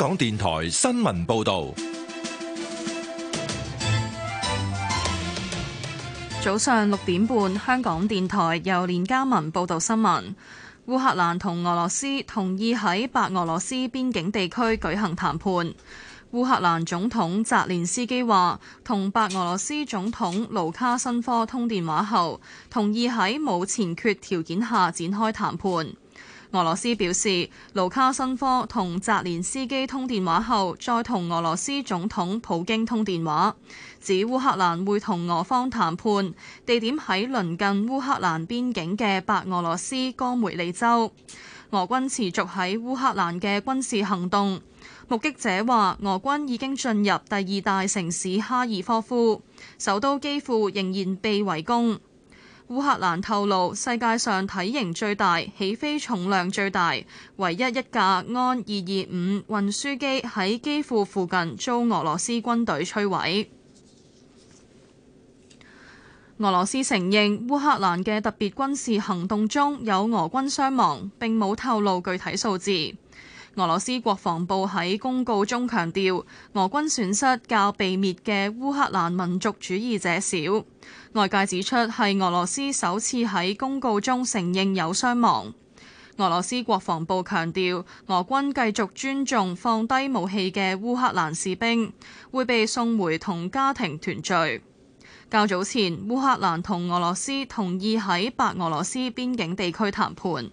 香港電台新聞報道：早上六點半，香港電台由連家文報道新聞。烏克蘭同俄羅斯同意喺白俄羅斯邊境地區舉行談判。烏克蘭總統澤連斯基話，同白俄羅斯總統盧卡申科通電話後，同意喺冇前缺條件下展開談判。俄羅斯表示，盧卡申科同澤連斯基通電話後，再同俄羅斯總統普京通電話，指烏克蘭會同俄方談判，地點喺鄰近烏克蘭邊境嘅白俄羅斯戈梅利州。俄軍持續喺烏克蘭嘅軍事行動，目擊者話俄軍已經進入第二大城市哈爾科夫，首都基輔仍然被圍攻。烏克蘭透露，世界上體型最大、起飛重量最大、唯一一架安二二五運輸機喺機庫附近遭俄羅斯軍隊摧毀。俄羅斯承認烏克蘭嘅特別軍事行動中有俄軍傷亡，並冇透露具體數字。俄羅斯國防部喺公告中強調，俄軍損失較被滅嘅烏克蘭民族主義者少。外界指出，係俄羅斯首次喺公告中承認有傷亡。俄羅斯國防部強調，俄軍繼續尊重放低武器嘅烏克蘭士兵，會被送回同家庭團聚。較早前，烏克蘭同俄羅斯同意喺白俄羅斯邊境地區談判。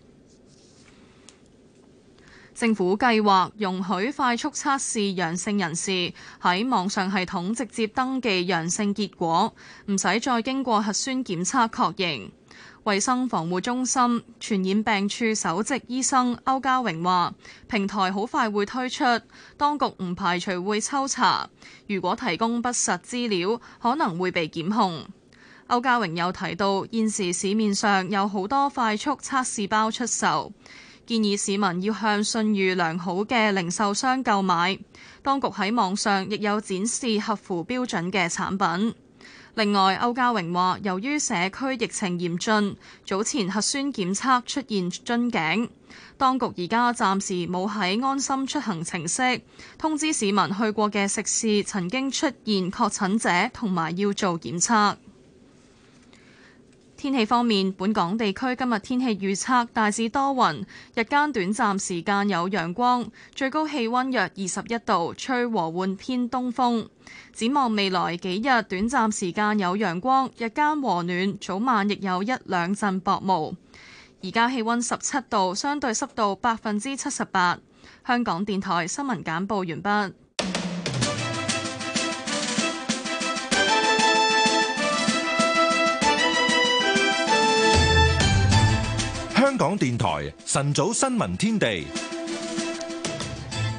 政府計劃容許快速測試陽性人士喺網上系統直接登記陽性結果，唔使再經過核酸檢測確認。衛生防護中心傳染病處首席醫生歐家榮話，平台好快會推出，當局唔排除會抽查，如果提供不實資料，可能會被檢控。歐家榮又提到，現時市面上有好多快速測試包出售。建議市民要向信譽良好嘅零售商購買。當局喺網上亦有展示合符標準嘅產品。另外，歐家榮話，由於社區疫情嚴峻，早前核酸檢測出現樽頸，當局而家暫時冇喺安心出行程式通知市民去過嘅食肆曾經出現確診者，同埋要做檢測。天氣方面，本港地區今日天氣預測大致多雲，日間短暫時間有陽光，最高氣温約二十一度，吹和緩偏東風。展望未來幾日，短暫時間有陽光，日間和暖，早晚亦有一兩陣薄霧。而家氣溫十七度，相對濕度百分之七十八。香港電台新聞簡報完畢。香港電台晨早新聞天地。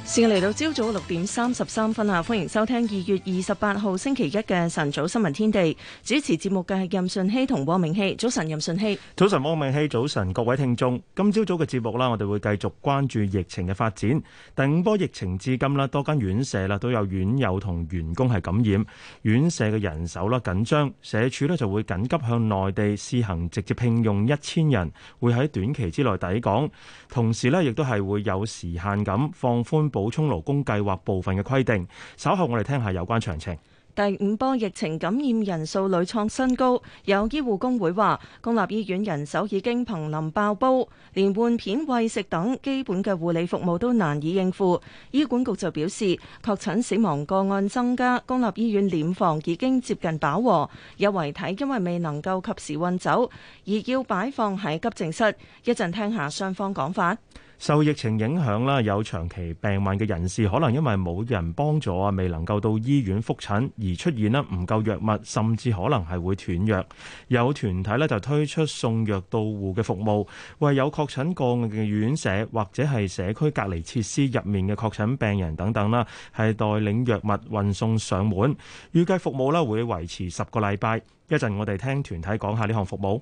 先嚟到朝早六點三十三分啊！歡迎收聽二月二十八號星期一嘅晨早新聞天地。主持節目嘅係任順熙同汪明熙。早晨，任順熙。早晨，汪明熙。早晨，各位聽眾。今朝早嘅節目啦，我哋會繼續關注疫情嘅發展。第五波疫情至今啦，多間院舍啦都有院友同員工係感染，院舍嘅人手啦緊張，社署呢就會緊急向內地試行直接聘用一千人，會喺短期之內抵港。同時呢，亦都係會有時限咁放寬。補充勞工計劃部分嘅規定，稍後我哋聽下有關詳情。第五波疫情感染人數屢創新高，有醫護工會話，公立醫院人手已經瀕臨爆煲，連換片、餵食等基本嘅護理服務都難以應付。醫管局就表示，確診死亡個案增加，公立醫院殮房已經接近飽和，有遺體因為未能夠及時運走，而要擺放喺急症室。一陣聽下雙方講法。受疫情影響啦，有長期病患嘅人士可能因為冇人幫助啊，未能夠到醫院覆診而出現呢唔夠藥物，甚至可能係會斷藥。有團體呢，就推出送藥到戶嘅服務，為有確診個案嘅院舍或者係社區隔離設施入面嘅確診病人等等啦，係代領藥物運送上門。預計服務呢會維持十個禮拜。一陣我哋聽團體講下呢項服務。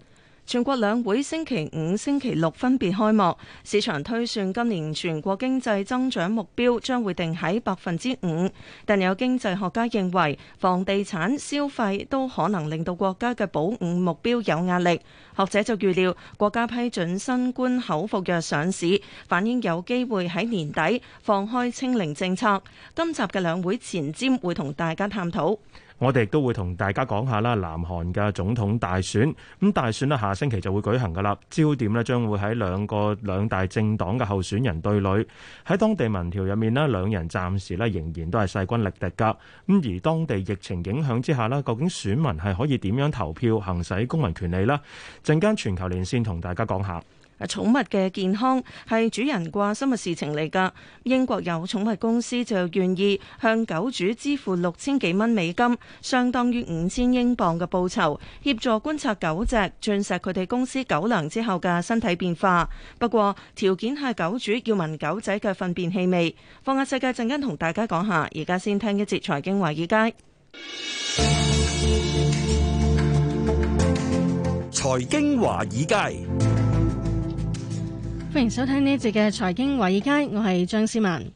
全國兩會星期五、星期六分別開幕，市場推算今年全國經濟增長目標將會定喺百分之五，但有經濟學家認為房地產消費都可能令到國家嘅保五目標有壓力。學者就預料國家批准新冠口服藥上市，反映有機會喺年底放開清零政策。今集嘅兩會前瞻會同大家探討。我哋亦都會同大家講下啦，南韓嘅總統大選，咁大選呢下星期就會舉行㗎喇，焦點呢將會喺兩個兩大政黨嘅候選人對壘。喺當地民調入面呢，兩人暫時呢仍然都係勢均力敵㗎。咁而當地疫情影響之下呢，究竟選民係可以點樣投票行使公民權利呢？陣間全球連線同大家講下。寵物嘅健康係主人掛心嘅事情嚟噶英國有寵物公司就願意向狗主支付六千幾蚊美金，相當於五千英鎊嘅報酬，協助觀察狗隻進食佢哋公司狗糧之後嘅身體變化。不過條件係狗主要聞狗仔嘅糞便氣味。放下世界陣間同大家講下，而家先聽一節財經華爾街。財經華爾街。歡迎收聽呢一節嘅財經華爾街，我係張思文。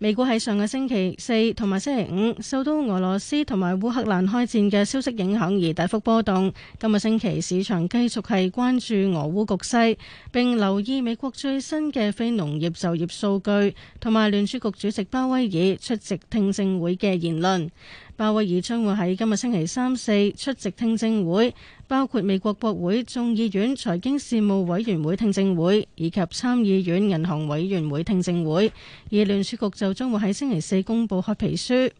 美股喺上個星期四同埋星期五，受到俄羅斯同埋烏克蘭開戰嘅消息影響而大幅波動。今日星期，市場繼續係關注俄烏局勢，並留意美國最新嘅非農業就業數據同埋聯儲局主席鮑威爾出席聽證會嘅言論。鮑威爾將會喺今日星期三四出席聽證會，包括美國國會眾議院財經事務委員會聽證會，以及參議院銀行委員會聽證會，而聯儲局就將會喺星期四公布褐皮書。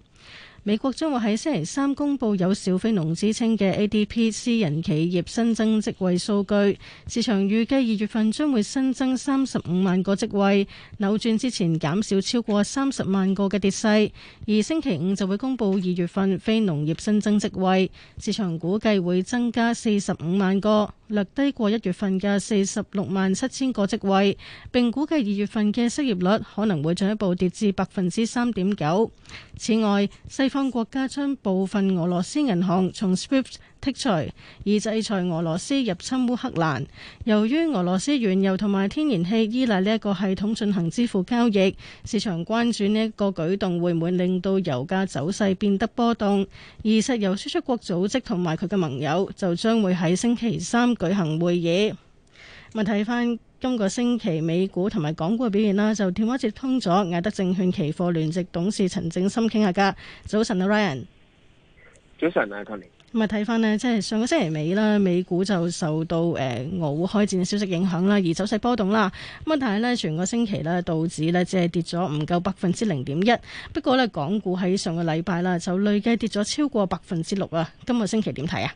美國將會喺星期三公佈有小非農之稱嘅 ADP 私人企業新增職位數據，市場預計二月份將會新增三十五萬個職位，扭轉之前減少超過三十萬個嘅跌勢。而星期五就會公佈二月份非農業新增職位，市場估計會增加四十五萬個，略低過一月份嘅四十六萬七千個職位。並估計二月份嘅失業率可能會進一步跌至百分之三點九。此外，西方國家將部分俄羅斯銀行從 SWIFT 剔除，以制裁俄羅斯入侵烏克蘭。由於俄羅斯原油同埋天然氣依賴呢一個系統進行支付交易，市場關注呢一個舉動會唔會令到油價走勢變得波動。而石油輸出國組織同埋佢嘅盟友就將會喺星期三舉行會議。問題翻。今個星期美股同埋港股嘅表現啦，就電話接通咗，艾德證券期貨聯席董事陳正心傾下㗎。早晨啊，Ryan。早晨啊，Tony。咁啊，睇翻呢，即係上個星期尾啦，美股就受到誒、呃、俄烏開戰嘅消息影響啦，而走勢波動啦。咁啊，但係呢，全個星期呢，道指呢，只係跌咗唔夠百分之零點一。不過呢，港股喺上個禮拜啦，就累計跌咗超過百分之六啊。今個星期點睇啊？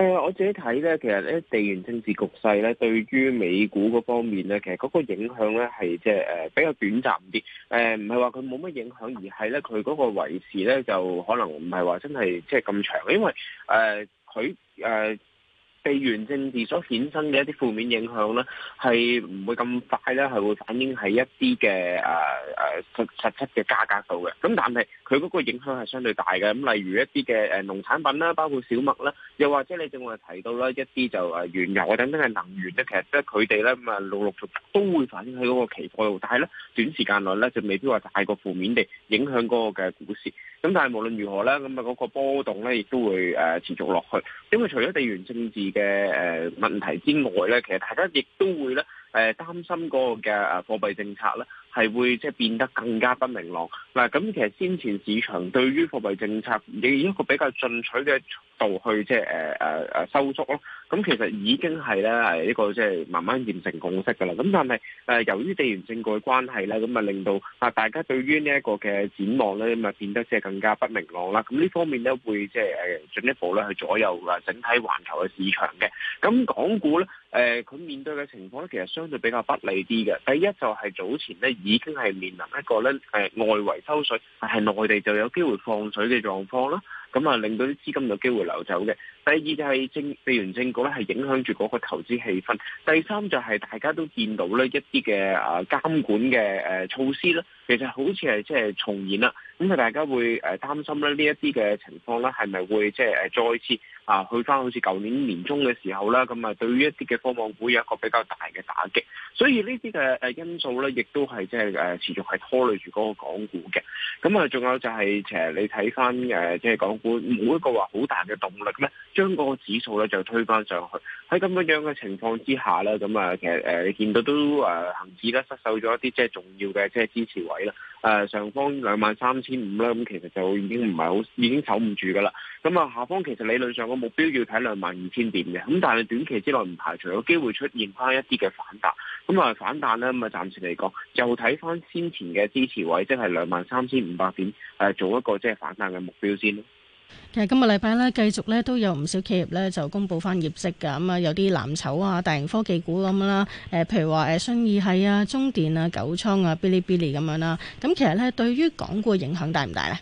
誒，我自己睇咧，其實咧，地緣政治局勢咧，對於美股嗰方面咧，其實嗰個影響咧，係即係誒比較短暫啲。誒，唔係話佢冇乜影響，而係咧佢嗰個維持咧，就可能唔係話真係即係咁長，因為誒佢誒。地緣政治所衍生嘅一啲負面影響咧，係唔會咁快咧，係會反映喺一啲嘅誒誒實實質嘅價格度嘅。咁但係佢嗰個影響係相對大嘅。咁例如一啲嘅誒農產品啦，包括小麥啦，又或者你正話提到啦一啲就誒原油啊等等嘅能源咧，其實即係佢哋咧，咁啊陸陸續續都會反映喺嗰個期貨度。但係咧，短時間內咧就未必話大個負面地影響嗰個嘅股市。咁但係無論如何咧，咁啊嗰個波動咧，亦都會誒持續落去，因為除咗地緣政治嘅誒問題之外咧，其實大家亦都會咧誒擔心嗰個嘅誒貨幣政策咧。係會即係變得更加不明朗嗱，咁其實先前市場對於貨幣政策以一個比較進取嘅速度去即係誒誒誒收縮咯，咁其實已經係咧呢個即係慢慢形成共識噶啦，咁但係誒、呃、由於地緣政局嘅關係咧，咁啊令到啊大家對於呢一個嘅展望咧，咁啊變得即係更加不明朗啦，咁呢方面咧會即係誒進一步咧去左右啊整體環球嘅市場嘅，咁港股咧誒佢面對嘅情況咧其實相對比較不利啲嘅，第一就係早前咧。已經係面臨一個咧，誒外圍抽水，但係內地就有機會放水嘅狀況啦。咁啊、嗯，令到啲資金有機會流走嘅。第二就係地緣政局咧，係影響住嗰個投資氣氛。第三就係大家都見到咧一啲嘅啊監管嘅誒措施咧，其實好似係即係重現啦。咁、嗯、啊，大家會誒擔心咧呢一啲嘅情況咧，係咪會即係誒再次啊去翻好似舊年年中嘅時候啦？咁、嗯、啊，對於一啲嘅科網會有一個比較大嘅打擊。所以呢啲嘅誒因素咧，亦都係即係誒持續係拖累住嗰個港股嘅。咁、嗯就是、啊，仲有就係其實誒你睇翻誒即係港。會冇一個話好大嘅動力咧，將嗰個指數咧就推翻上去。喺咁樣樣嘅情況之下咧，咁啊，其實誒、呃、你見到都誒恒指咧失守咗一啲即係重要嘅即係支持位啦。誒、呃、上方兩萬三千五咧，咁其實就已經唔係好，已經守唔住噶啦。咁啊下方其實理論上個目標要睇兩萬二千點嘅，咁但係短期之內唔排除有機會出現翻一啲嘅反彈。咁啊反彈咧，咁啊暫時嚟講，就睇翻先前嘅支持位，即係兩萬三千五百點，誒、呃、做一個即係反彈嘅目標先。其實今個禮拜咧，繼續咧都有唔少企業咧就公布翻業績噶，咁啊有啲藍籌啊、大型科技股咁樣啦，誒，譬如話誒信義系啊、中電啊、九倉啊、嗶哩嗶哩咁樣啦，咁其實咧對於港股嘅影響大唔大咧？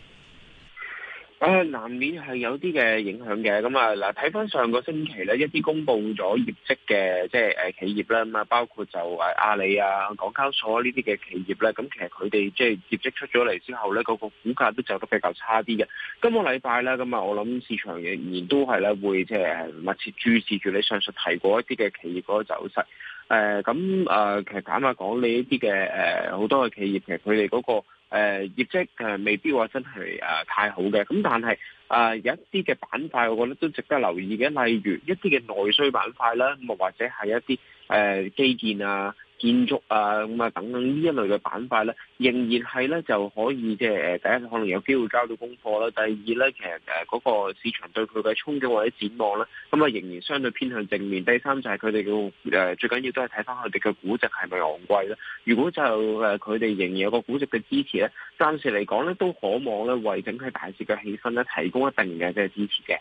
唉，難免係有啲嘅影響嘅。咁、嗯、啊，嗱，睇翻上個星期咧，一啲公佈咗業績嘅，即係誒企業啦。咁、呃、啊，包括就誒阿里啊、港交所呢啲嘅企業咧。咁、嗯、其實佢哋即係業績出咗嚟之後咧，嗰、那個股價都走得比較差啲嘅。今個禮拜咧，咁、嗯、啊，我諗市場仍然都係咧會即、就、係、是、密切注視住你上述提過一啲嘅企業嗰個走勢。誒、呃，咁、嗯、啊、呃，其實坦白講，呢啲嘅誒好多嘅企業其實佢哋嗰個。誒業績誒未必話真係誒太好嘅，咁但係誒、呃、有一啲嘅板塊，我覺得都值得留意嘅，例如一啲嘅內需板塊啦，咁或者係一啲誒、呃、基建啊。建築啊，咁啊等等呢一類嘅板塊咧，仍然係咧就可以即係誒，第一可能有機會交到功課啦；第二咧，其實誒嗰個市場對佢嘅憧憬或者展望咧，咁、嗯、啊仍然相對偏向正面。第三就係佢哋嘅誒最緊要都係睇翻佢哋嘅估值係咪昂貴咧？如果就誒佢哋仍然有個估值嘅支持咧，暫時嚟講咧都可望咧為整體大市嘅氣氛咧提供一定嘅即支持嘅。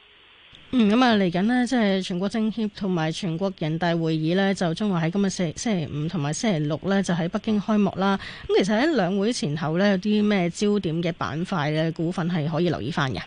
嗯，咁啊，嚟緊呢，即係全國政協同埋全國人大會議呢，就將會喺今日四星期五同埋星期六呢，就喺北京開幕啦。咁其實喺兩會前後呢，有啲咩焦點嘅板塊呢，股份係可以留意翻嘅。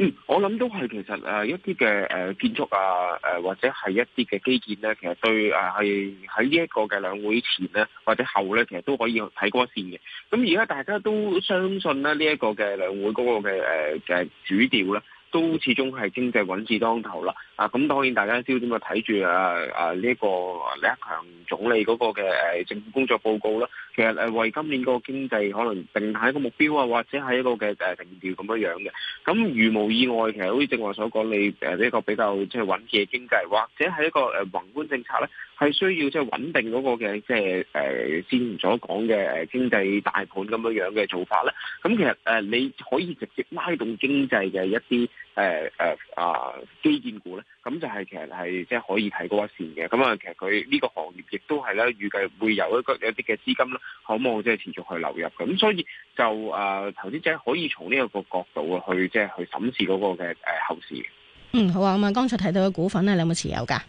嗯，我諗都係其實誒一啲嘅誒建築啊，誒或者係一啲嘅基建呢，啊，其實對誒係喺呢一個嘅兩會前呢，啊，或者後呢，其實都可以睇嗰個線嘅。咁而家大家都相信咧呢一個嘅兩會嗰個嘅誒嘅主調呢，啊。都始終係經濟穩字當頭啦。啊，咁當然大家都知道點樣睇住啊啊呢個李克強總理嗰個嘅誒政府工作報告啦。其實誒為今年嗰個經濟可能定下一個目標啊，或者係一個嘅誒定調咁樣樣嘅。咁如無意外，其實好似正話所講，你誒呢個比較即係穩健嘅經濟，或者係一個誒宏觀政策咧，係需要即係穩定嗰個嘅即係誒先前所講嘅誒經濟大盤咁樣樣嘅做法咧。咁其實誒你可以直接拉動經濟嘅一啲。誒誒啊基建股咧，咁就係其實係即係可以睇嗰個線嘅。咁啊，其實佢呢個行業亦都係咧，預計會有一個有啲嘅資金咧，可唔可以即係持續去流入。咁所以就誒投資者可以從呢一個角度啊，去即係去審視嗰個嘅誒後市。嗯，好啊。咁啊，剛才睇到嘅股份咧，你有冇持有噶？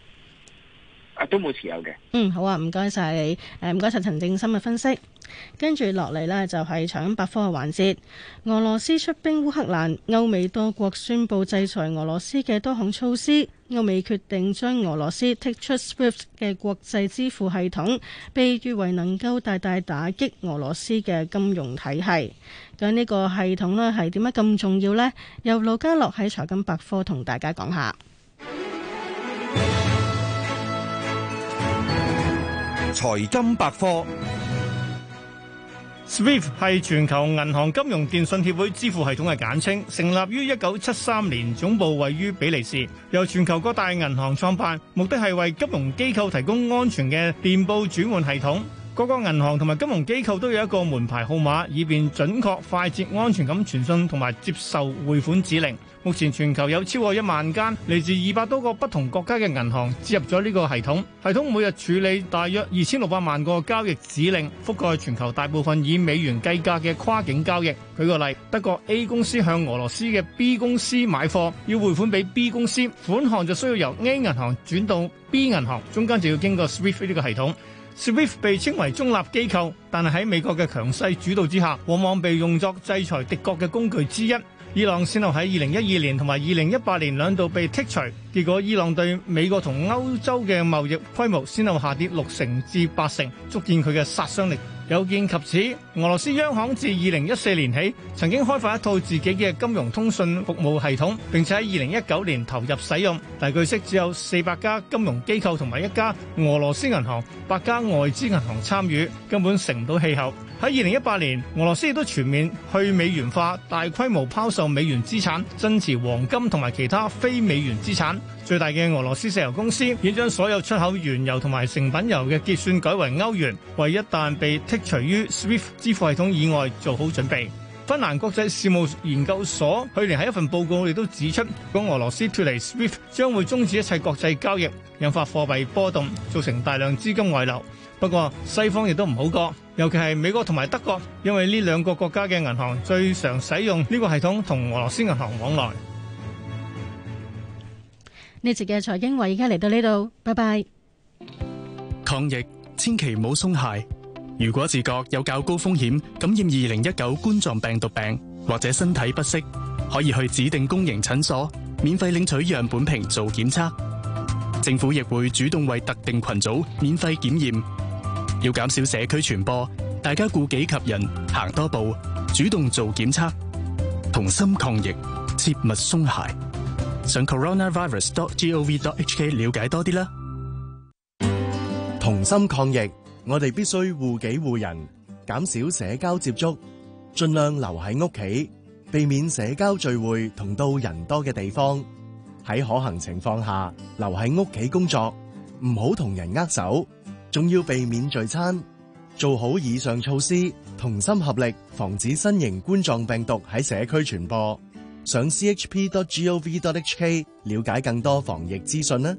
啊，都冇持有嘅。嗯，好啊，唔該晒你，誒、啊，唔該晒陳正心嘅分析。跟住落嚟呢，就係、是、財經百科嘅環節。俄羅斯出兵烏克蘭，歐美多國宣布制裁俄羅斯嘅多項措施。歐美決定將俄羅斯剔出 SWIFT 嘅國際支付系統，被譽為能夠大大打擊俄羅斯嘅金融體系。咁呢個系統呢，係點解咁重要呢？由盧嘉樂喺財經百科同大家講下。財金百科，SWIFT 係全球銀行金融電信協會支付系統嘅簡稱，成立於一九七三年，總部位於比利時，由全球各大銀行創辦，目的係為金融機構提供安全嘅電報轉換系統。各個銀行同埋金融機構都有一個門牌號碼，以便準確、快捷、安全咁傳送同埋接受匯款指令。目前全球有超過一萬間嚟自二百多個不同國家嘅銀行接入咗呢個系統，系統每日處理大約二千六百萬個交易指令，覆蓋全球大部分以美元計價嘅跨境交易。舉個例，德國 A 公司向俄羅斯嘅 B 公司買貨，要匯款俾 B 公司，款項就需要由 A 銀行轉到 B 銀行，中間就要經過 SWIFT 呢個系統。SWIFT 被稱為中立機構，但係喺美國嘅強勢主導之下，往往被用作制裁敵國嘅工具之一。伊朗先後喺二零一二年同埋二零一八年兩度被剔除，結果伊朗對美國同歐洲嘅貿易規模先後下跌六成至八成，足見佢嘅殺傷力。有見及此，俄羅斯央行自二零一四年起曾經開發一套自己嘅金融通訊服務系統，並且喺二零一九年投入使用。但據悉，只有四百家金融機構同埋一家俄羅斯銀行、八家外資銀行參與，根本成唔到氣候。喺二零一八年，俄羅斯亦都全面去美元化，大規模拋售美元資產，增持黃金同埋其他非美元資產。最大嘅俄羅斯石油公司已將所有出口原油同埋成品油嘅結算改為歐元，為一,一旦被剔除於 SWIFT 支付系統以外做好準備。芬蘭國際事務研究所去年喺一份報告亦都指出，如果俄羅斯脫離 SWIFT，將會終止一切國際交易，引發貨幣波動，造成大量資金外流。不過西方亦都唔好過，尤其係美國同埋德國，因為呢兩個國家嘅銀行最常使用呢個系統同俄羅斯銀行往來。呢次嘅財經話，而家嚟到呢度，拜拜。抗疫千祈唔好鬆懈。如果自覺有較高風險，感染二零一九冠狀病毒病或者身體不適，可以去指定公營診所免費領取樣本瓶做檢測。政府亦會主動為特定群組免費檢驗。要減少社區傳播，大家顧己及人，行多步，主動做檢測，同心抗疫，切勿鬆懈。上 coronavirus.gov.hk 了解多啲啦。同心抗疫，我哋必須護己護人，減少社交接觸，盡量留喺屋企，避免社交聚會同到人多嘅地方。喺可行情況下，留喺屋企工作，唔好同人握手，仲要避免聚餐。做好以上措施，同心合力，防止新型冠狀病毒喺社區傳播。上 c h p dot g o v dot h k 了解更多防疫資訊啦。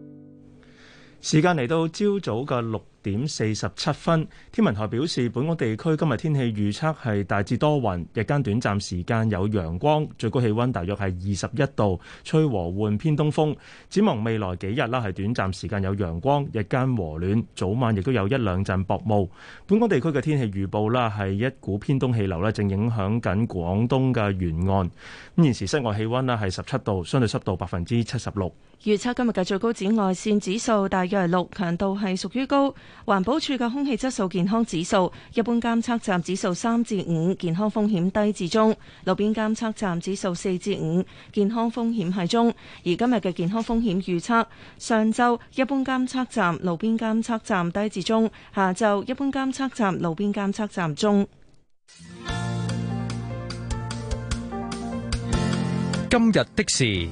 時間嚟到朝早嘅六點四十七分，天文台表示，本港地區今日天氣預測係大致多雲，日間短暫時間有陽光，最高氣溫大約係二十一度，吹和緩偏東風。展望未來幾日啦，係短暫時間有陽光，日間和暖，早晚亦都有一兩陣薄霧。本港地區嘅天氣預報啦，係一股偏東氣流咧，正影響緊廣東嘅沿岸。現時室外氣溫啦係十七度，相對濕度百分之七十六。預測今日嘅最高紫外線指數大約係六，強度係屬於高。環保署嘅空氣質素健康指數，一般監測站指數三至五，健康風險低至中；路邊監測站指數四至五，健康風險係中。而今日嘅健康風險預測，上晝一般監測站、路邊監測站低至中；下晝一般監測站、路邊監測站中。今日的事。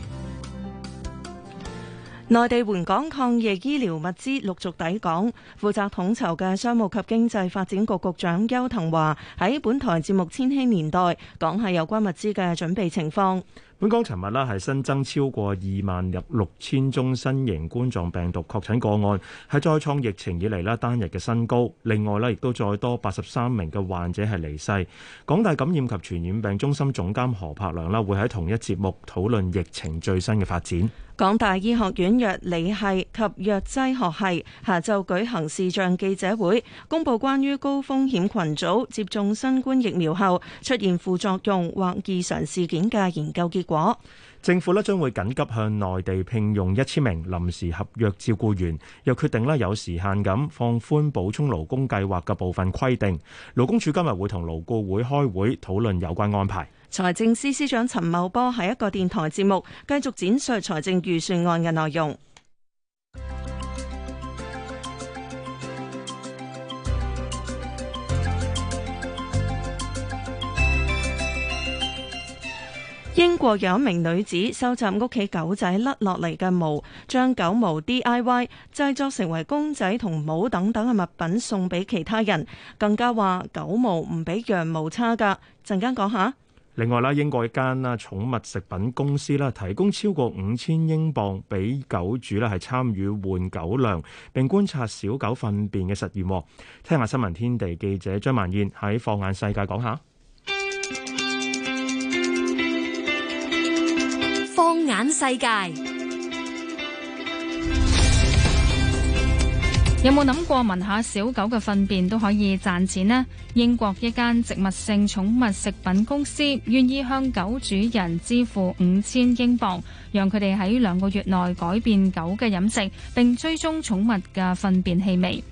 內地援港抗疫醫療物資陸續抵港，負責統籌嘅商務及經濟發展局局長邱騰華喺本台節目《千禧年代》講下有關物資嘅準備情況。本港尋日啦係新增超過二萬六千宗新型冠狀病毒確診個案，係再創疫情以嚟啦單日嘅新高。另外啦，亦都再多八十三名嘅患者係離世。港大感染及傳染病中心總監何柏良啦，會喺同一節目討論疫情最新嘅發展。港大醫學院藥理系及藥劑學系下晝舉行視像記者會，公布關於高風險群組接種新冠疫苗後出現副作用或異常事件嘅研究結果。政府呢將會緊急向內地聘用一千名臨時合約照顧員，又決定呢有時限咁放寬補充勞工計劃嘅部分規定。勞工處今日會同勞僱會開會討論有關安排。財政司司長陳茂波喺一個電台節目繼續展述財政預算案嘅內容。 英國有一名女子收集屋企狗仔甩落嚟嘅毛，將狗毛 DIY 製作成為公仔同帽等等嘅物品送俾其他人，更加話狗毛唔比羊毛差㗎。陣間講下。另外啦，英國一間啦寵物食品公司啦，提供超過五千英鎊俾狗主咧，係參與換狗糧並觀察小狗糞便嘅實驗。聽下新聞天地記者張曼燕喺《放眼世界》講下《放眼世界》。有冇諗過聞下小狗嘅糞便都可以賺錢呢？英國一間植物性寵物食品公司願意向狗主人支付五千英鎊，讓佢哋喺兩個月內改變狗嘅飲食，並追蹤寵物嘅糞便氣味。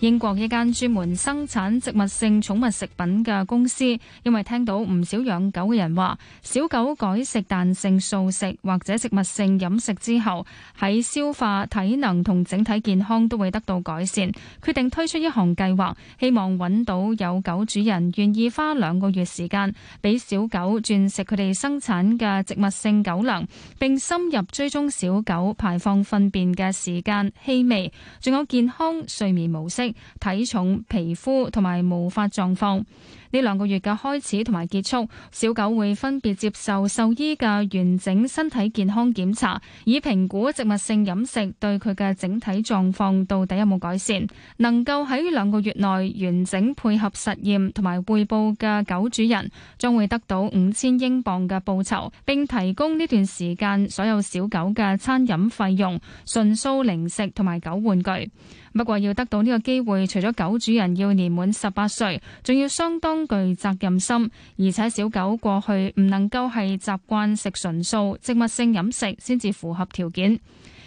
英國一間專門生產植物性寵物食品嘅公司，因為聽到唔少養狗嘅人話，小狗改食彈性素食或者植物性飲食之後，喺消化、體能同整體健康都會得到改善，決定推出一項計劃，希望揾到有狗主人願意花兩個月時間，俾小狗轉食佢哋生產嘅植物性狗糧，並深入追蹤小狗排放糞便嘅時間、氣味，仲有健康睡眠模式。體重、皮膚同埋毛髮狀況，呢兩個月嘅開始同埋結束，小狗會分別接受獸醫嘅完整身體健康檢查，以評估植物性飲食對佢嘅整體狀況到底有冇改善。能夠喺兩個月內完整配合實驗同埋匯報嘅狗主人，將會得到五千英鎊嘅報酬，並提供呢段時間所有小狗嘅餐飲費用、純素零食同埋狗玩具。不過要得到呢個機會，除咗狗主人要年滿十八歲，仲要相當具責任心，而且小狗過去唔能夠係習慣食純素植物性飲食，先至符合條件。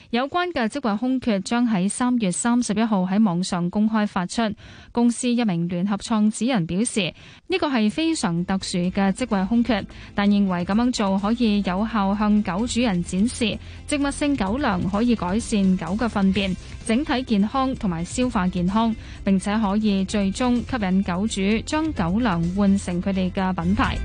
有關嘅職位空缺將喺三月三十一號喺網上公開發出。公司一名聯合創始人表示，呢個係非常特殊嘅職位空缺，但認為咁樣做可以有效向狗主人展示植物性狗糧可以改善狗嘅糞便、整體健康同埋消化健康，並且可以最終吸引狗主將狗糧換成佢哋嘅品牌。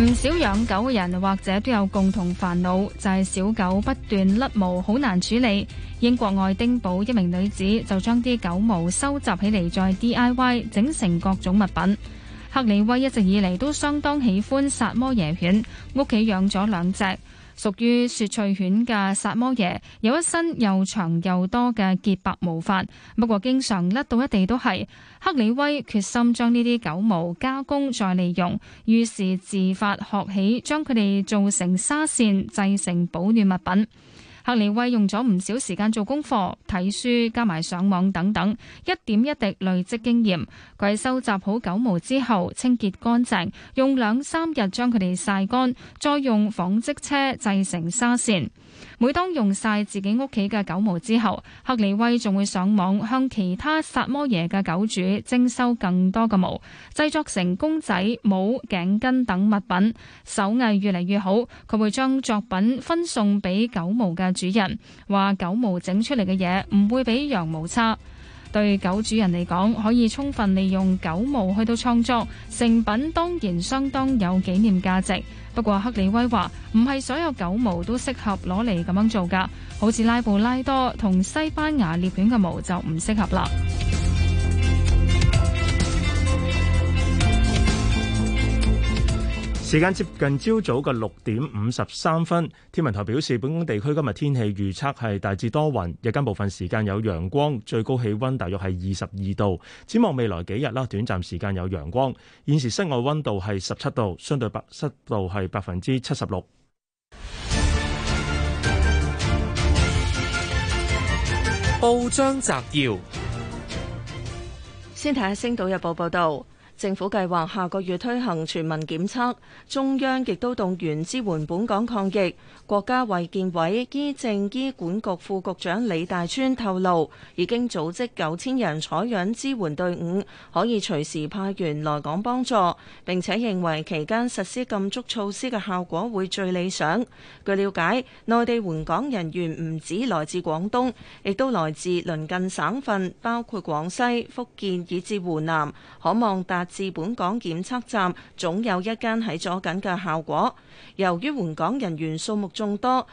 唔少養狗嘅人或者都有共同煩惱，就係、是、小狗不斷甩毛，好難處理。英國愛丁堡一名女子就將啲狗毛收集起嚟，再 D I Y 整成各種物品。克里威一直以嚟都相當喜歡薩摩耶犬，屋企養咗兩隻。屬於雪橇犬嘅薩摩耶有一身又長又多嘅潔白毛髮，不過經常甩到一地都係。克里威決心將呢啲狗毛加工再利用，於是自發學起將佢哋做成紗線，製成保暖物品。克利威用咗唔少時間做功課、睇書、加埋上，上網等等，一點一滴累積經驗。佢收集好狗毛之後，清潔乾淨，用兩三日將佢哋曬乾，再用紡織車製成紗線。每當用晒自己屋企嘅狗毛之後，克里威仲會上網向其他薩摩耶嘅狗主徵收更多嘅毛，製作成公仔、帽、頸巾等物品。手藝越嚟越好，佢會將作品分送俾狗毛嘅主人，話狗毛整出嚟嘅嘢唔會比羊毛差。對狗主人嚟講，可以充分利用狗毛去到創作，成品當然相當有紀念價值。不過，克里威話唔係所有狗毛都適合攞嚟咁樣做㗎，好似拉布拉多同西班牙獵犬嘅毛就唔適合啦。時間接近朝早嘅六點五十三分，天文台表示，本港地區今日天，天氣預測係大致多雲，日間部分時間有陽光，最高氣温大約係二十二度。展望未來幾日啦，短暫時間有陽光。現時室外温度係十七度，相對白濕度係百分之七十六。報章摘要：先睇下《星島日報》報道。政府計劃下個月推行全民檢測，中央亦都動員支援本港抗疫。國家衛健委醫政醫管局副局長李大川透露，已經組織九千人採樣支援隊伍，可以隨時派員來港幫助。並且認為期間實施禁足措施嘅效果會最理想。據了解，內地援港人員唔止來自廣東，亦都來自鄰近省份，包括廣西、福建以至湖南，可望達。自本港檢測站，總有一間喺咗緊嘅效果。由於援港人員數目眾多，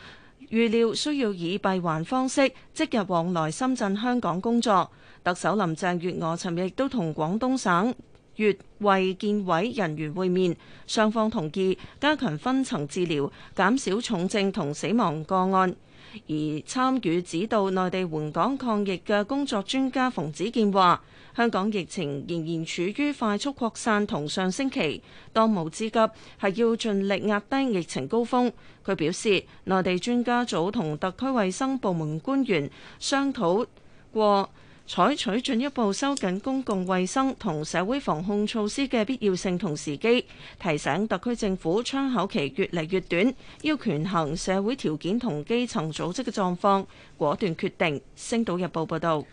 預料需要以閉環方式即日往來深圳、香港工作。特首林鄭月娥尋日亦都同廣東省粵衛建委人員會面，雙方同意加強分層治療，減少重症同死亡個案。而參與指導內地援港抗疫嘅工作專家馮子健話。香港疫情仍然處於快速擴散同上升期，當務之急係要盡力壓低疫情高峰。佢表示，內地專家組同特區衛生部門官員商討過，採取進一步收緊公共衛生同社會防控措施嘅必要性同時機，提醒特區政府窗口期越嚟越短，要權衡社會條件同基層組織嘅狀況，果斷決定。星島日報報道。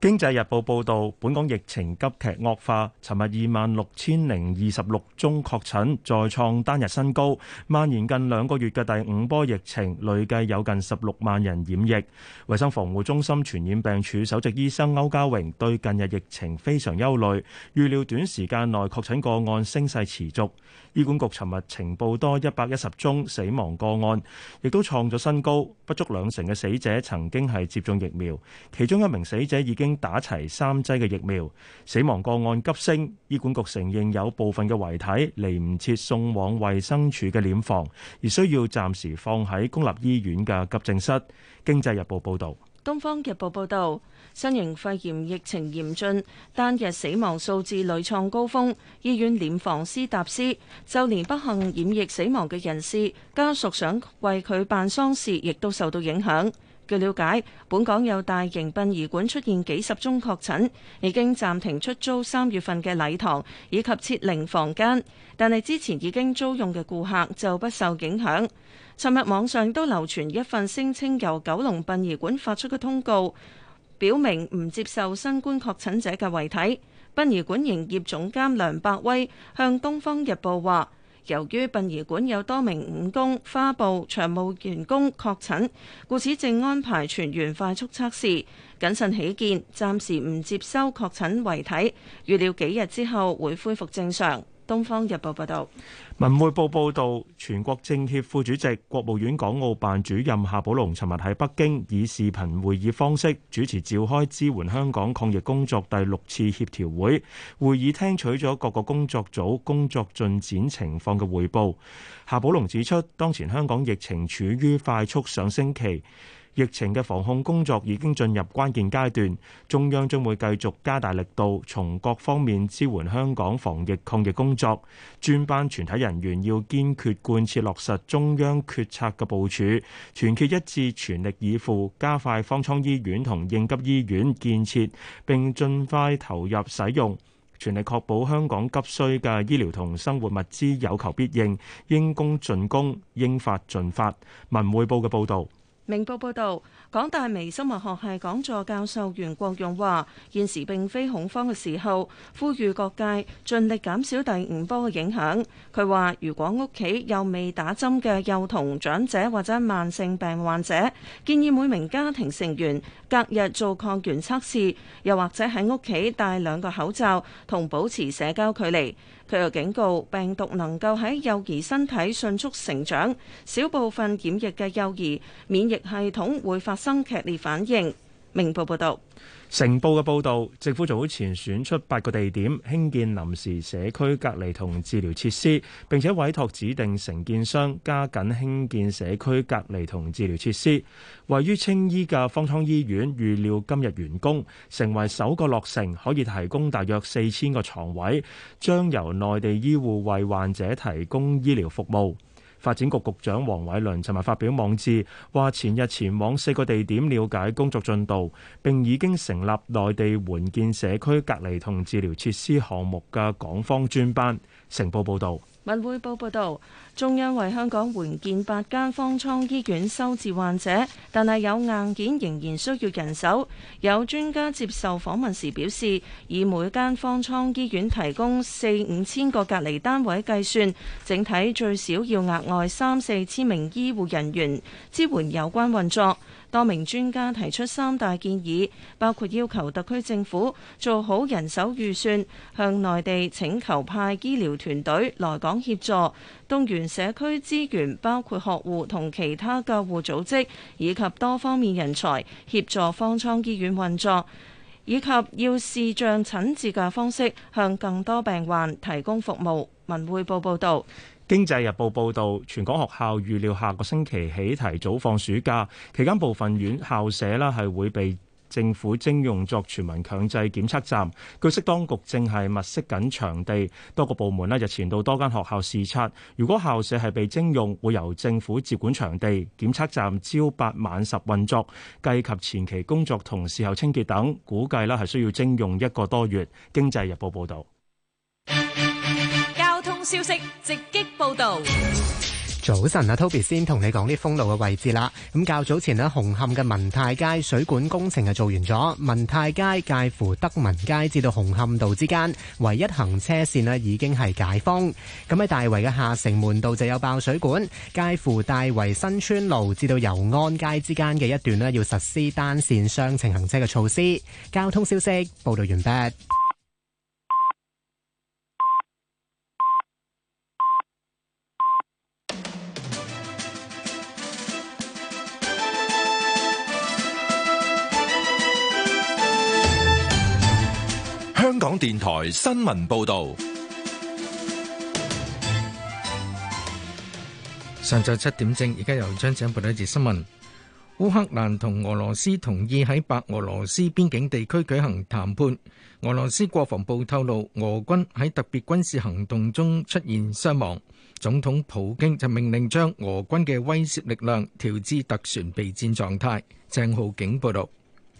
經濟日報報道，本港疫情急劇惡化，尋日二萬六千零二十六宗確診，再創單日新高。蔓延近兩個月嘅第五波疫情，累計有近十六萬人染疫。衛生防護中心傳染病處首席醫生歐家榮對近日疫情非常憂慮，預料短時間內確診個案升勢持續。醫管局尋日呈報多一百一十宗死亡個案，亦都創咗新高。不足兩成嘅死者曾經係接種疫苗，其中一名死者已經打齊三劑嘅疫苗。死亡個案急升，醫管局承認有部分嘅遺體嚟唔切送往衛生署嘅殮房，而需要暫時放喺公立醫院嘅急症室。經濟日報報道。《東方日報》報導，新型肺炎疫情嚴峻，單日死亡數字屢創高峰。醫院殮房屍疊屍，就連不幸染疫死亡嘅人士，家屬想為佢辦喪事，亦都受到影響。據了解，本港有大型殯儀館出現幾十宗確診，已經暫停出租三月份嘅禮堂以及設靈房間。但係之前已經租用嘅顧客就不受影響。尋日網上都流傳一份聲稱由九龍殯儀館發出嘅通告，表明唔接受新冠確診者嘅遺體。殯儀館營業總監梁伯威向《東方日報》話。由於殯儀館有多名五工、花布、場務員工確診，故此正安排全員快速測試，謹慎起見，暫時唔接收確診遺體，預料幾日之後會恢復正常。《東方日報》報道。文匯報報道，全國政協副主席、國務院港澳辦主任夏寶龍尋日喺北京以視頻會議方式主持召開支援香港抗疫工作第六次協調會。會議聽取咗各個工作組工作進展情況嘅匯報。夏寶龍指出，當前香港疫情處於快速上升期。疫情嘅防控工作已經進入關鍵階段，中央將會繼續加大力度，從各方面支援香港防疫抗疫工作。專班全體人員要堅決貫徹落實中央決策嘅部署，團結一致，全力以赴，加快方艙醫院同應急醫院建設，並盡快投入使用，全力確保香港急需嘅醫療同生活物資有求必應，應供盡供，應發盡發。文匯報嘅報道。明報報導，港大微生物學系講座教授袁國勇話：現時並非恐慌嘅時候，呼籲各界盡力減少第五波嘅影響。佢話：如果屋企有未打針嘅幼童、長者或者慢性病患者，建議每名家庭成員隔日做抗原測試，又或者喺屋企戴兩個口罩同保持社交距離。佢又警告，病毒能夠喺幼兒身體迅速成長，少部分檢疫嘅幼兒免疫系統會發生劇烈反應。明報報道。成報嘅報導，政府早前選出八個地點興建臨時社區隔離同治療設施，並且委託指定承建商加緊興建社區隔離同治療設施。位於青衣嘅方艙醫院預料今日完工，成為首個落成，可以提供大約四千個床位，將由內地醫護為患者提供醫療服務。發展局局長黃偉綸尋日發表網誌，話前日前往四個地點了解工作進度，並已經成立內地援建社區隔離同治療設施項目嘅港方專班。成報報道。文匯報報道，中央為香港援建八間方艙醫院收治患者，但係有硬件仍然需要人手。有專家接受訪問時表示，以每間方艙醫院提供四五千個隔離單位計算，整體最少要額外三四千名醫護人員支援有關運作。多名專家提出三大建議，包括要求特區政府做好人手預算，向內地請求派醫療團隊來港協助；動員社區資源包括學護同其他救護組織以及多方面人才協助方艙醫院運作，以及要視像診治嘅方式向更多病患提供服務。文匯報報導。經濟日報報導，全港學校預料下個星期起提早放暑假，期間部分院校舍啦係會被政府徵用作全民強制檢測站。據悉，當局正係物色緊場地，多個部門啦日前到多間學校視察。如果校舍係被徵用，會由政府接管場地，檢測站朝八晚十運作，計及前期工作同事後清潔等，估計啦係需要徵用一個多月。經濟日報報導。消息直擊報道。早晨啊，Toby 先同你講啲封路嘅位置啦。咁較早前咧，紅磡嘅民泰街水管工程係做完咗，民泰街介乎德民街至到紅磡道之間唯一行車綫呢已經係解封。咁喺大圍嘅下城門道就有爆水管，介乎大圍新村路至到油安街之間嘅一段呢，要實施單綫雙程行車嘅措施。交通消息報道完畢。香港電台新聞報道，上晝七點正，而家由張振報道一節新聞。烏克蘭同俄羅斯同意喺白俄羅斯邊境地區舉行談判。俄羅斯國防部透露，俄軍喺特別軍事行動中出現傷亡。總統普京就命令將俄軍嘅威懾力量調至特殊備戰狀態。鄭浩景報道。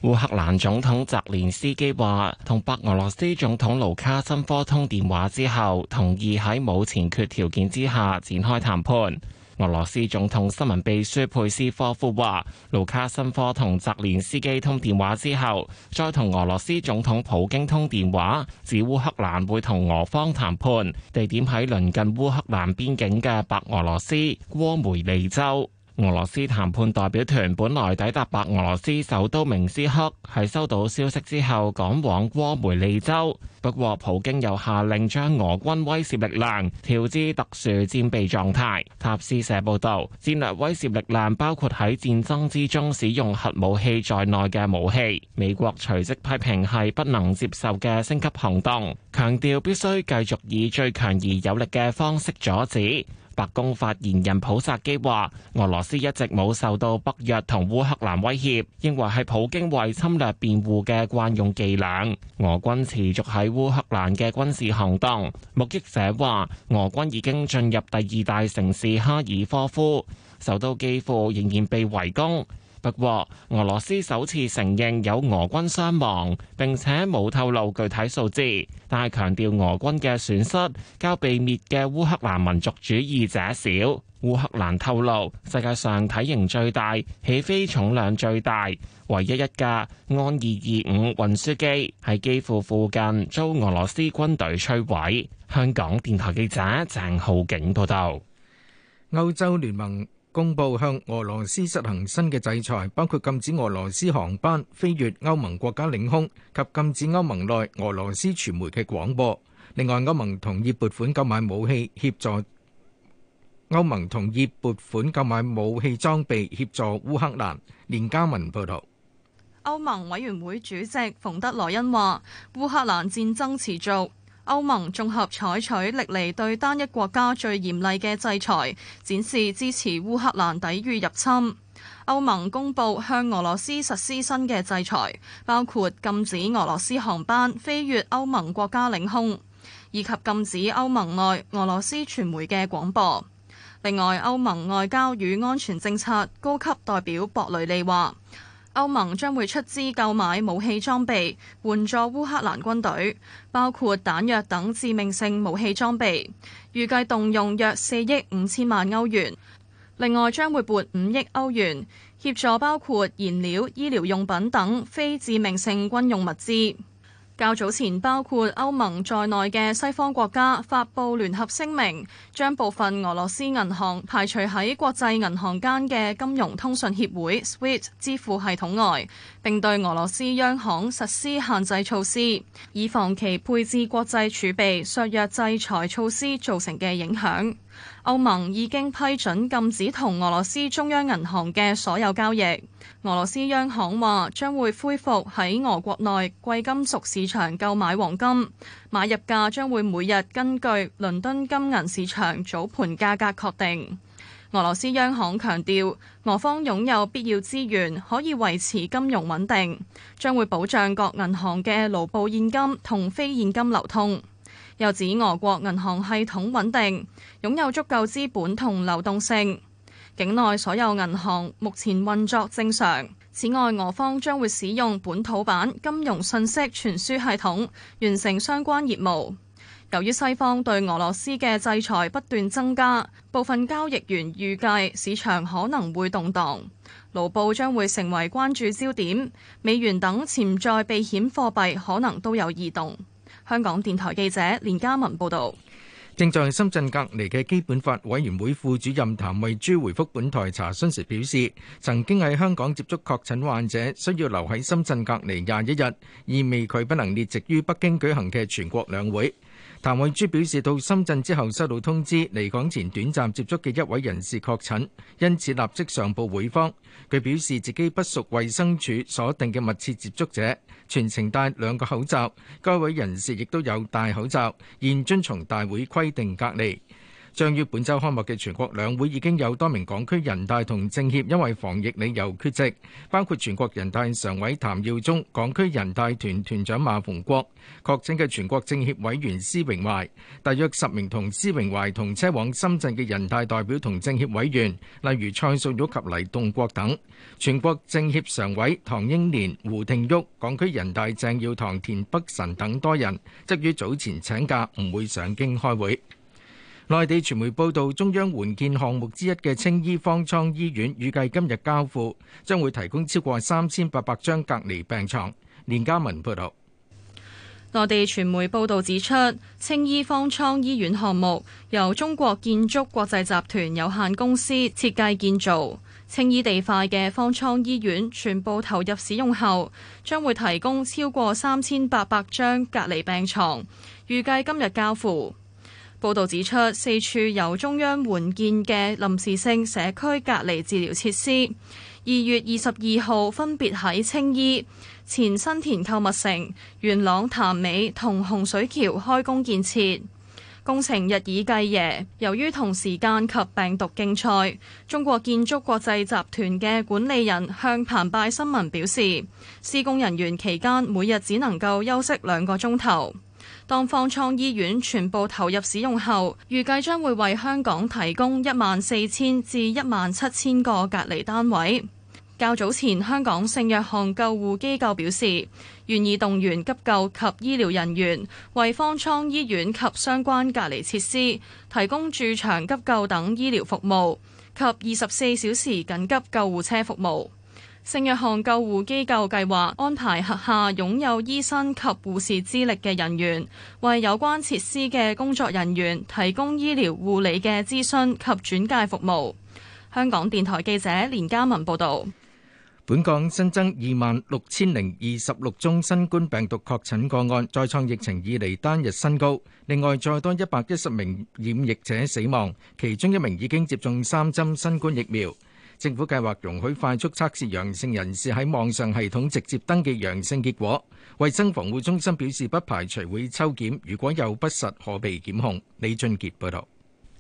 烏克蘭總統澤連斯基話，同白俄羅斯總統盧卡申科通電話之後，同意喺冇前決條件之下展開談判。俄羅斯總統新聞秘書佩斯科夫話，盧卡申科同澤連斯基通電話之後，再同俄羅斯總統普京通電話，指烏克蘭會同俄方談判，地點喺鄰近烏克蘭邊境嘅白俄羅斯戈梅利州。俄羅斯談判代表團本來抵達白俄羅斯首都明斯克，係收到消息之後趕往戈梅利州。不過，普京又下令將俄軍威懾力量調至特殊戰備狀態。塔斯社報導，戰略威懾力量包括喺戰爭之中使用核武器在內嘅武器。美國隨即批評係不能接受嘅升級行動，強調必須繼續以最強而有力嘅方式阻止。白宮發言人普薩基話：俄羅斯一直冇受到北約同烏克蘭威脅，認為係普京為侵略辯護嘅慣用伎倆。俄軍持續喺烏克蘭嘅軍事行動，目擊者話俄軍已經進入第二大城市哈爾科夫，首都基輔仍然被圍攻。不過，俄羅斯首次承認有俄軍傷亡，並且冇透露具體數字，但係強調俄軍嘅損失較被滅嘅烏克蘭民族主義者少。烏克蘭透露，世界上體型最大、起飛重量最大、唯一一架安二二五運輸機，喺機庫附近遭俄羅斯軍隊摧毀。香港電台記者鄭浩景報道。歐洲聯盟，公布向俄羅斯實行新嘅制裁，包括禁止俄羅斯航班飛越歐盟國家領空及禁止歐盟內俄羅斯傳媒嘅廣播。另外，歐盟同意撥款購買武器協助。歐盟同意撥款購買武器裝備協助烏克蘭。連家文報導。歐盟委員會主席馮德萊恩話，烏克蘭戰爭持續。歐盟綜合採取歷來對單一國家最嚴厲嘅制裁，展示支持烏克蘭抵禦入侵。歐盟公佈向俄羅斯實施新嘅制裁，包括禁止俄羅斯航班飛越歐盟國家領空，以及禁止歐盟內俄羅斯傳媒嘅廣播。另外，歐盟外交與安全政策高級代表博雷利話。歐盟將會出資購買武器裝備，援助烏克蘭軍隊，包括彈藥等致命性武器裝備，預計動用約四億五千萬歐元。另外，將會撥五億歐元，協助包括燃料、醫療用品等非致命性軍用物資。較早前，包括歐盟在內嘅西方國家發佈聯合聲明，將部分俄羅斯銀行排除喺國際銀行間嘅金融通訊協會 SWIFT 支付系統外，並對俄羅斯央行實施限制措施，以防其配置國際儲備削弱制裁措施造成嘅影響。歐盟已經批准禁止同俄羅斯中央銀行嘅所有交易。俄羅斯央行話將會恢復喺俄國內貴金屬市場購買黃金，買入價將會每日根據倫敦金銀市場早盤價格確定。俄羅斯央行強調，俄方擁有必要資源可以維持金融穩定，將會保障各銀行嘅盧布現金同非現金流通。又指俄國銀行系統穩定，擁有足夠資本同流動性。境內所有銀行目前運作正常。此外，俄方將會使用本土版金融信息傳輸系統完成相關業務。由於西方對俄羅斯嘅制裁不斷增加，部分交易員預計市場可能會動盪，盧布將會成為關注焦點，美元等潛在避險貨幣可能都有異動。香港電台記者連嘉文報道。正在深圳隔離嘅基本法委員會副主任譚慧珠回覆本台查詢時表示，曾經喺香港接觸確診患者，需要留喺深圳隔離廿一日，意味佢不能列席於北京舉行嘅全國兩會。譚慧珠表示，到深圳之後收到通知，離港前短暫接觸嘅一位人士確診，因此立即上報會方。佢表示自己不屬衛生署鎖定嘅密切接觸者。全程戴兩個口罩，該位人士亦都有戴口罩，現遵從大會規定隔離。將於本周開幕嘅全國兩會已經有多名港區人大同政協因為防疫理由缺席，包括全國人大常委譚耀宗、港區人大團團長馬逢國、確診嘅全國政協委員施榮懷、大約十名同施榮懷同車往深圳嘅人大代表同政協委員，例如蔡素玉及黎棟國等，全國政協常委唐英年、胡定旭、港區人大鄭耀棠、田北辰等多人，則於早前請假，唔會上京開會。內地傳媒報道，中央援建項目之一嘅青衣方艙醫院預計今日交付，將會提供超過三千八百張隔離病床。連家文報道，內地傳媒報道指出，青衣方艙醫院項目由中國建築國際集團有限公司設計建造。青衣地塊嘅方艙醫院全部投入使用後，將會提供超過三千八百張隔離病床，預計今日交付。報導指出，四處由中央援建嘅臨時性社區隔離治療設施，二月二十二號分別喺青衣、前新田購物城、元朗潭尾同洪水橋開工建設。工程日以繼夜，由於同時間及病毒競賽，中國建築國際集團嘅管理人向澎湃新聞表示，施工人員期間每日只能夠休息兩個鐘頭。當方艙醫院全部投入使用後，預計將會為香港提供一萬四千至一萬七千個隔離單位。較早前，香港聖約翰救護機構表示，願意動員急救及醫療人員為方艙醫院及相關隔離設施提供駐場急救等醫療服務及二十四小時緊急救護車服務。聖約翰救護機構計劃安排轄下擁有醫生及護士資歷嘅人員，為有關設施嘅工作人員提供醫療護理嘅諮詢及轉介服務。香港電台記者連嘉文報道，本港新增二萬六千零二十六宗新冠病毒確診個案，再創疫情以嚟單日新高。另外，再多一百一十名染疫者死亡，其中一名已經接種三針新冠疫苗。政府計劃容許快速測試陽性人士喺網上系統直接登記陽性結果，衛生防護中心表示不排除會抽檢，如果有不實可被檢控。李俊傑報道，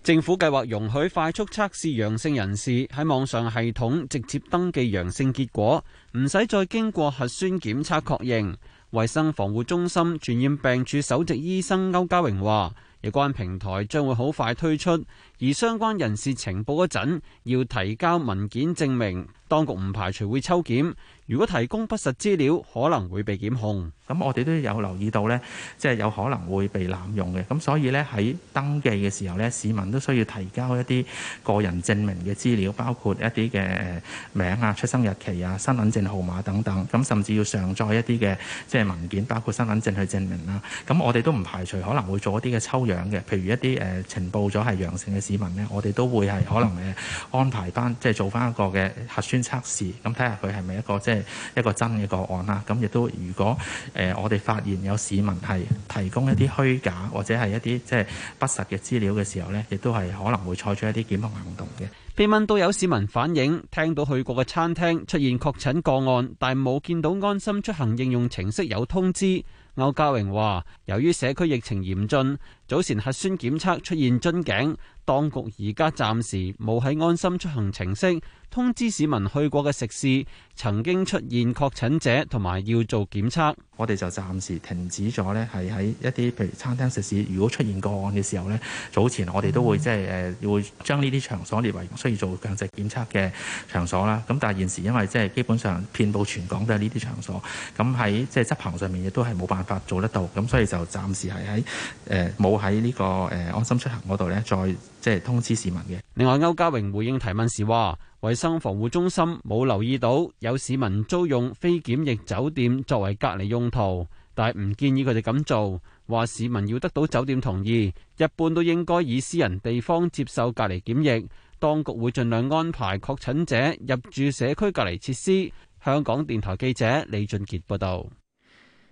政府計劃容許快速測試陽性人士喺網上系統直接登記陽性結果，唔使再經過核酸檢測確認。衛生防護中心傳染病處首席醫生歐家榮話。有關平台將會好快推出，而相關人士情報嗰陣要提交文件證明，當局唔排除會抽檢。如果提供不實資料，可能會被檢控。咁我哋都有留意到呢，即係有可能會被濫用嘅。咁所以呢，喺登記嘅時候呢，市民都需要提交一啲個人證明嘅資料，包括一啲嘅名啊、出生日期啊、身份證號碼等等。咁甚至要上載一啲嘅即係文件，包括身份證去證明啦。咁我哋都唔排除可能會做一啲嘅抽樣嘅，譬如一啲誒、呃、情報咗係陽性嘅市民呢，我哋都會係可能誒安排翻，即係做翻一個嘅核酸測試，咁睇下佢係咪一個即一個真嘅個案啦，咁亦都如果誒、呃、我哋發現有市民係提供一啲虛假或者係一啲即係不實嘅資料嘅時候呢，亦都係可能會採取一啲檢控行動嘅。被問到有市民反映聽到去過嘅餐廳出現確診個案，但冇見到安心出行應用程式有通知，歐家榮話：由於社區疫情嚴峻，早前核酸檢測出現樽頸。當局而家暫時冇喺安心出行程式通知市民去過嘅食肆曾經出現確診者同埋要做檢測。我哋就暫時停止咗呢，係喺一啲譬如餐廳食肆，如果出現個案嘅時候呢，早前我哋都會、嗯、即係誒會將呢啲場所列為需要做強制檢測嘅場所啦。咁但係現時因為即係基本上遍佈全港都係呢啲場所，咁喺即係執行上面亦都係冇辦法做得到，咁所以就暫時係喺誒冇喺呢個誒安心出行嗰度呢再。即係通知市民嘅。另外，歐家榮回應提問時話，衞生防護中心冇留意到有市民租用非檢疫酒店作為隔離用途，但係唔建議佢哋咁做。話市民要得到酒店同意，一般都應該以私人地方接受隔離檢疫。當局會盡量安排確診者入住社區隔離設施。香港電台記者李俊傑報道。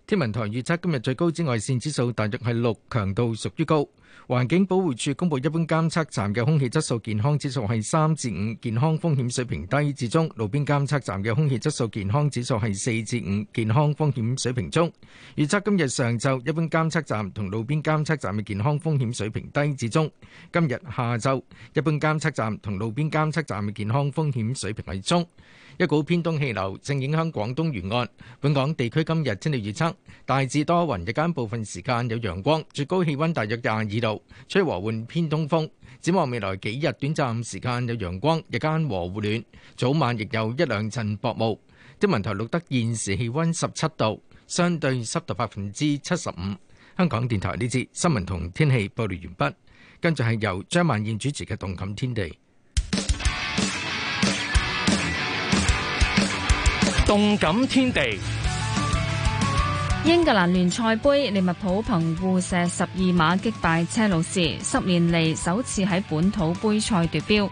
天文台預測今日最高紫外線指數大約係六，強度屬於高。環境保護署公布一般監測站嘅空氣質素健康指數係三至五，健康風險水平低至中；路邊監測站嘅空氣質素健康指數係四至五，健康風險水平中。預測今日上晝一般監測站同路邊監測站嘅健康風險水平低至中；今日下晝一般監測站同路邊監測站嘅健康風險水平係中。一股偏東氣流正影響廣東沿岸，本港地區今日天氣預測大致多雲，日間部分時間有陽光，最高氣温大約廿二度，吹和緩偏東風。展望未來幾日，短暫時間有陽光，日間和暖，早晚亦有一兩層薄霧。天文台錄得現時氣温十七度，相對濕度百分之七十五。香港電台呢節新聞同天氣報道完畢，跟住係由張曼燕主持嘅《動感天地》。動感天地，英格蘭聯賽盃利物浦憑互射十二碼擊敗車路士，十年嚟首次喺本土盃賽奪標。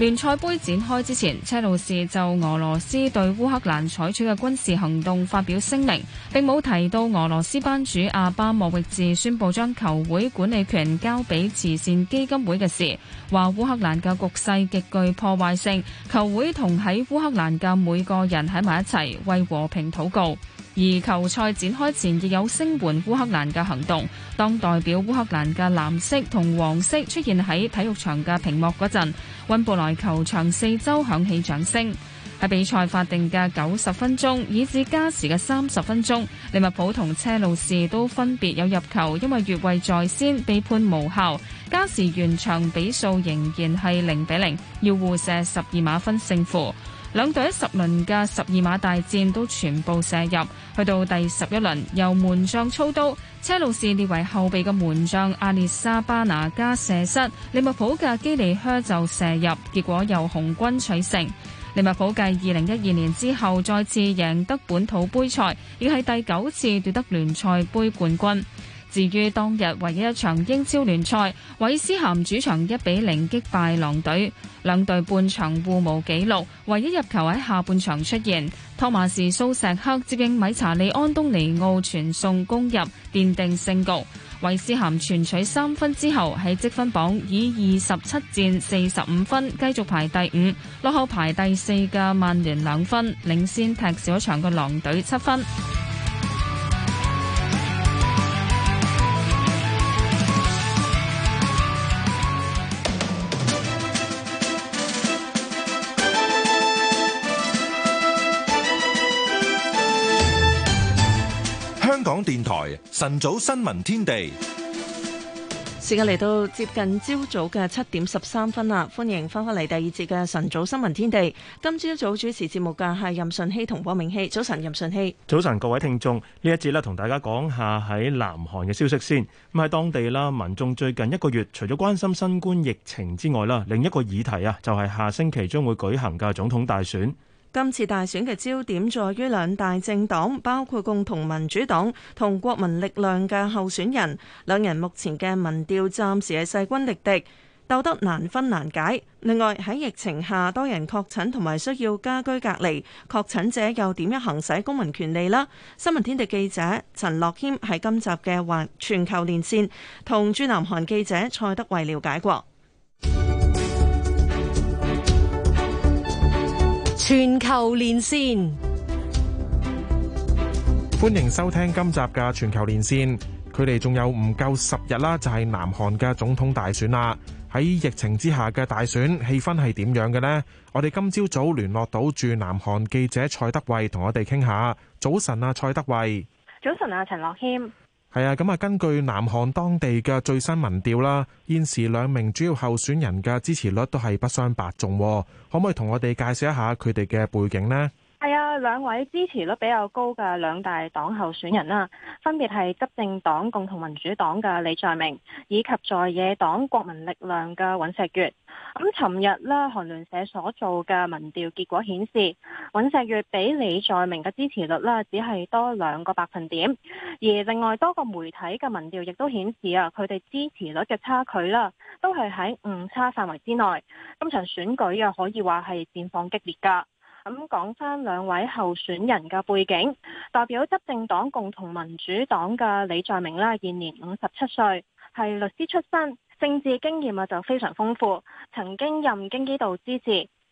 聯賽盃展開之前，車路士就俄羅斯對烏克蘭採取嘅軍事行動發表聲明，並冇提到俄羅斯班主阿巴莫域治宣布將球會管理權交俾慈善基金會嘅事，話烏克蘭嘅局勢極具破壞性，球會同喺烏克蘭嘅每個人喺埋一齊為和平禱告。而球賽展開前亦有聲援烏克蘭嘅行動，當代表烏克蘭嘅藍色同黃色出現喺體育場嘅屏幕嗰陣，溫布萊球場四周響起掌聲。喺比賽法定嘅九十分鐘以至加時嘅三十分鐘，利物浦同車路士都分別有入球，因為越位在先被判無效，加時完場比數仍然係零比零，要互射十二碼分勝負。兩隊十輪嘅十二碼大戰都全部射入，去到第十一輪，由門將操刀，車路士列為後備嘅門將阿列沙巴拿加射失，利物浦嘅基尼靴就射入，結果由紅軍取勝。利物浦繼二零一二年之後，再次贏得本土杯賽，亦係第九次奪得聯賽杯冠軍。至於當日唯一一場英超聯賽，韋斯咸主場一比零擊敗狼隊，兩隊半場互無紀錄，唯一入球喺下半場出現。托馬士蘇石克接應米查利安東尼奧傳送攻入，奠定勝局。韋斯咸全取三分之後，喺積分榜以二十七戰四十五分繼續排第五，落後排第四嘅曼聯兩分，領先踢少一場嘅狼隊七分。晨早新聞天地，時間嚟到接近朝早嘅七點十三分啦，歡迎翻返嚟第二節嘅晨早新聞天地。今朝早主持節目嘅係任順熙同郭明熙。早晨任順熙，早晨各位聽眾，呢一節咧同大家講下喺南韓嘅消息先。咁喺當地啦，民眾最近一個月除咗關心新冠疫情之外啦，另一個議題啊就係下星期將會舉行嘅總統大選。今次大選嘅焦點在於兩大政黨，包括共同民主黨同國民力量嘅候選人，兩人目前嘅民調暫時係勢均力敵，鬥得難分難解。另外喺疫情下，多人確診同埋需要家居隔離，確診者又點樣行使公民權利啦？新聞天地記者陳樂謙喺今集嘅環全球連線，同駐南韓記者蔡德偉了解過。全球連線，歡迎收聽今集嘅全球連線。距離仲有唔夠十日啦，就係、是、南韓嘅總統大選啦。喺疫情之下嘅大選，氣氛係點樣嘅呢？我哋今朝早聯絡到駐南韓記者蔡德惠，同我哋傾下。早晨啊，蔡德惠。早晨啊，陳樂謙。係啊，咁啊，根據南韓當地嘅最新民調啦，現時兩名主要候選人嘅支持率都係不相伯仲，可唔可以同我哋介紹一下佢哋嘅背景呢？係啊，兩位支持率比較高嘅兩大黨候選人啦，分別係執政黨共同民主黨嘅李在明，以及在野黨國民力量嘅尹錫悅。咁尋日咧，韓聯社所做嘅民調結果顯示，尹錫悅比李在明嘅支持率咧只係多兩個百分點，而另外多個媒體嘅民調亦都顯示啊，佢哋支持率嘅差距啦，都係喺誤差範圍之內。今場選舉又可以話係戰況激烈噶。咁講翻兩位候選人嘅背景，代表執政黨共同民主黨嘅李在明咧，現年五十七歲。係律師出身，政治經驗啊就非常豐富，曾經任京畿道知事、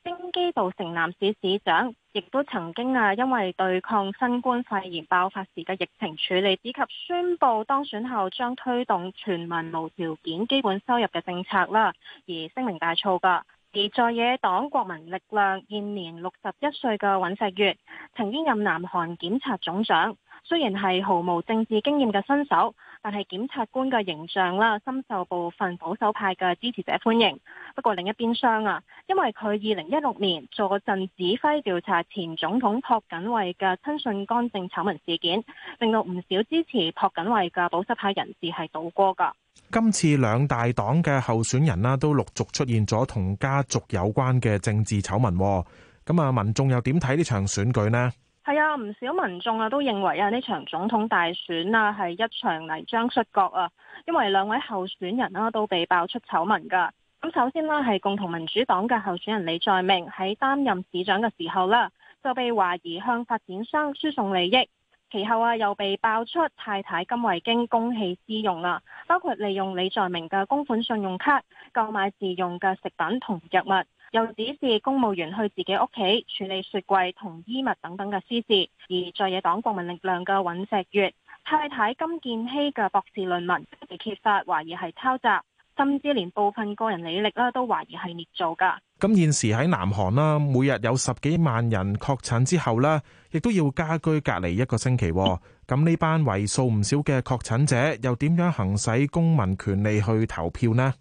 京畿道城南市市長，亦都曾經啊因為對抗新冠肺炎爆發時嘅疫情處理，以及宣布當選後將推動全民無條件基本收入嘅政策啦，而聲名大噪噶。而在野黨國民力量現年六十一歲嘅尹錫悅，曾經任南韓檢察總長，雖然係毫無政治經驗嘅新手。但係檢察官嘅形象啦，深受部分保守派嘅支持者歡迎。不過另一邊廂啊，因為佢二零一六年坐鎮指揮調查前總統朴槿惠嘅親信干政醜聞事件，令到唔少支持朴槿惠嘅保守派人士係倒戈㗎。今次兩大黨嘅候選人啦，都陸續出現咗同家族有關嘅政治醜聞。咁啊，民眾又點睇呢場選舉呢？係啊，唔少民眾啊都認為啊呢場總統大選啊係一場泥漿摔角啊，因為兩位候選人啦都被爆出醜聞㗎。咁首先呢，係共同民主黨嘅候選人李在明喺擔任市長嘅時候啦，就被懷疑向發展商輸送利益，其後啊又被爆出太太金惠京公器私用啦，包括利用李在明嘅公款信用卡購買自用嘅食品同藥物。又指示公務員去自己屋企處理雪櫃同衣物等等嘅私事，而在野黨國民力量嘅尹錫悅太太金建希嘅博士論文被揭發懷疑係抄襲，甚至連部分個人履歷啦都懷疑係捏造噶。咁現時喺南韓啦，每日有十幾萬人確診之後咧，亦都要家居隔離一個星期。咁呢班為數唔少嘅確診者，又點樣行使公民權利去投票呢？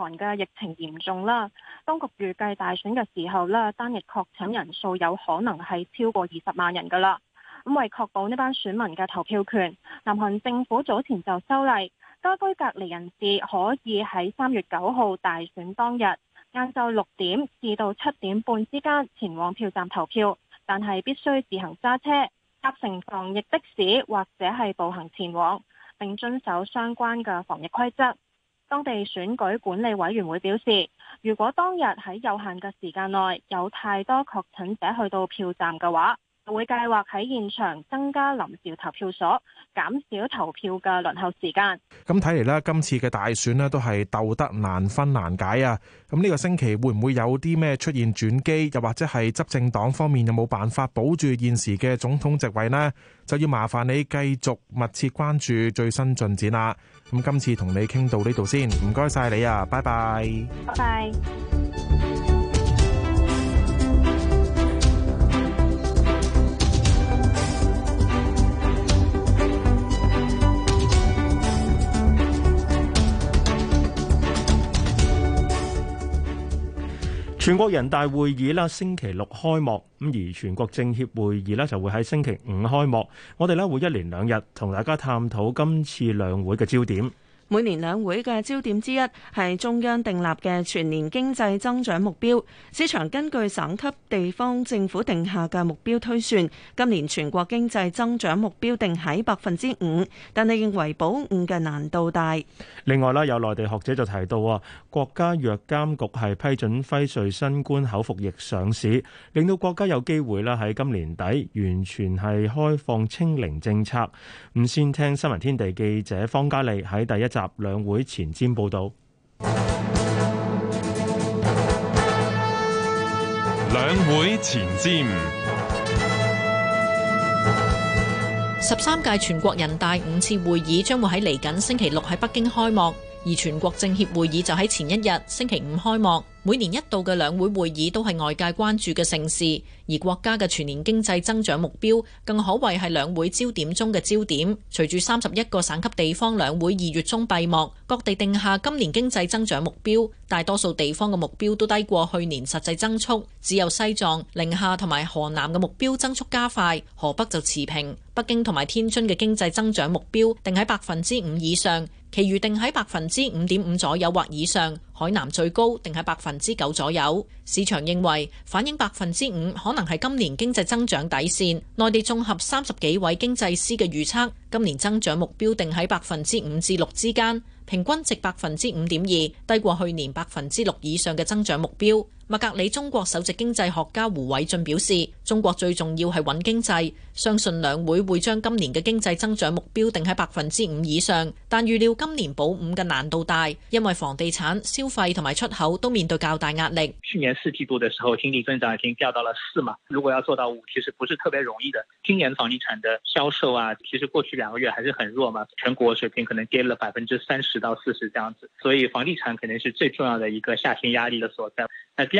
韓嘅疫情嚴重啦，當局預計大選嘅時候啦，單日確診人數有可能係超過二十萬人噶啦。咁為確保呢班選民嘅投票權，南韓政府早前就修例，家居隔離人士可以喺三月九號大選當日晏晝六點至到七點半之間前往票站投票，但係必須自行揸車搭乘防疫的士或者係步行前往，並遵守相關嘅防疫規則。當地選舉管理委員會表示，如果當日喺有限嘅時間內有太多確診者去到票站嘅話，會計劃喺現場增加臨時投票所，減少投票嘅輪候時間。咁睇嚟咧，今次嘅大選咧都係鬥得難分難解啊！咁呢個星期會唔會有啲咩出現轉機？又或者係執政黨方面有冇辦法保住現時嘅總統席位呢？就要麻煩你繼續密切關注最新進展啦。咁今次同你傾到呢度先，唔該晒你啊！拜拜。拜拜。全國人大會議啦，星期六開幕，咁而全國政協會議呢就會喺星期五開幕。我哋呢會一連兩日同大家探討今次兩會嘅焦點。每年兩會嘅焦點之一係中央訂立嘅全年經濟增長目標，市場根據省級地方政府定下嘅目標推算，今年全國經濟增長目標定喺百分之五，但係認為保五嘅難度大？另外啦，有內地學者就提到啊，國家藥監局係批准輝瑞新冠口服液上市，令到國家有機會啦喺今年底完全係開放清零政策。唔先聽新聞天地記者方嘉莉喺第一集。兩會前瞻報道。兩會前瞻，十三屆全國人大五次會議將會喺嚟緊星期六喺北京開幕。而全國政協會議就喺前一日星期五開幕，每年一度嘅兩會會議都係外界關注嘅盛事，而國家嘅全年經濟增長目標更可謂係兩會焦點中嘅焦點。隨住三十一個省級地方兩會二月中閉幕，各地定下今年經濟增長目標，大多數地方嘅目標都低過去年實際增速，只有西藏、寧夏同埋河南嘅目標增速加快，河北就持平，北京同埋天津嘅經濟增長目標定喺百分之五以上。其餘定喺百分之五點五左右或以上，海南最高定喺百分之九左右。市場認為反映百分之五可能係今年經濟增長底線。內地綜合三十幾位經濟師嘅預測，今年增長目標定喺百分之五至六之間，平均值百分之五點二，低過去年百分之六以上嘅增長目標。麥格理中國首席經濟學家胡偉俊表示，中國最重要係穩經濟，相信兩會會將今年嘅經濟增長目標定喺百分之五以上，但預料今年保五嘅難度大，因為房地產、消費同埋出口都面對較大壓力。去年四季度嘅時候，經濟增長已經掉到了四嘛，如果要做到五，其實不是特別容易的。今年房地產的銷售啊，其實過去兩個月還是很弱嘛，全國水平可能跌了百分之三十到四十這樣子，所以房地產肯定是最重要的一個下行壓力的所在。那第。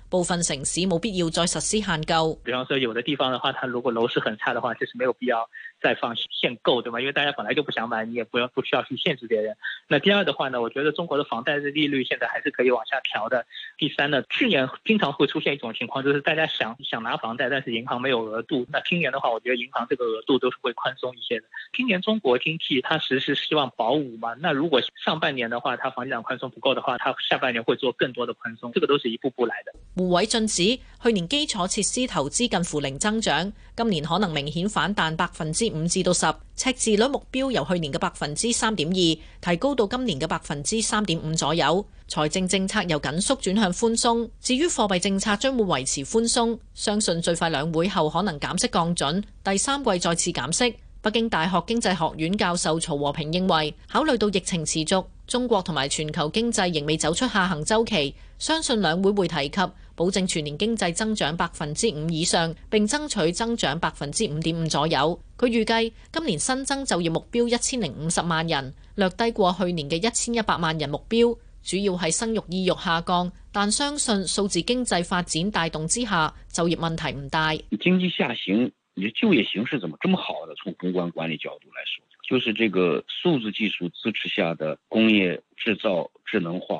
部分城市沒必要再實施限購，比方說有的地方的話，它如果樓市很差的話，就是沒有必要再放限購，對吧？因為大家本來就不想買，你也不要不需要去限制別人。那第二的話呢，我覺得中國的房貸的利率現在還是可以往下調的。第三呢，去年經常會出現一種情況，就是大家想想拿房貸，但是銀行沒有額度。那今年的話，我覺得銀行這個額度都是會寬鬆一些的。今年中國經濟它其實是希望保五嘛，那如果上半年的話，它房地產寬鬆不夠的話，它下半年會做更多的寬鬆，這個都是一步步來的。胡偉進指，去年基礎設施投資近乎零增長，今年可能明顯反彈百分之五至到十，赤字率目標由去年嘅百分之三點二提高到今年嘅百分之三點五左右。財政政策由緊縮轉向寬鬆，至於貨幣政策將會維持寬鬆，相信最快兩會後可能減息降準，第三季再次減息。北京大學經濟學院教授曹和平認為，考慮到疫情持續，中國同埋全球經濟仍未走出下行週期，相信兩會會提及。保證全年經濟增長百分之五以上，並爭取增長百分之五點五左右。佢預計今年新增就業目標一千零五十萬人，略低過去年嘅一千一百萬人目標。主要係生育意欲下降，但相信數字經濟發展帶動之下，就業問題唔大。經濟下行，你就業形勢怎麼這麼好呢？從宏觀管理角度來說，就是這個數字技術支持下的工業製造智能化。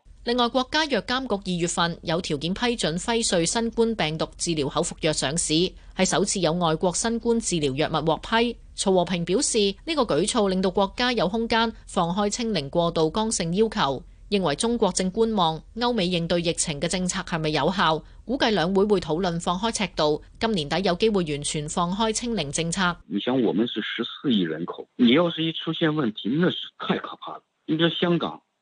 另外，國家藥監局二月份有條件批准輝瑞新冠病毒治療口服藥上市，係首次有外國新冠治療藥物獲批。曹和平表示，呢個舉措令到國家有空間放開清零過度剛性要求，認為中國正觀望歐美應對疫情嘅政策係咪有效，估計兩會會討論放開尺度，今年底有機會完全放開清零政策。你想我們是十四億人口，你要是一出現問題，那是太可怕了。你知香港？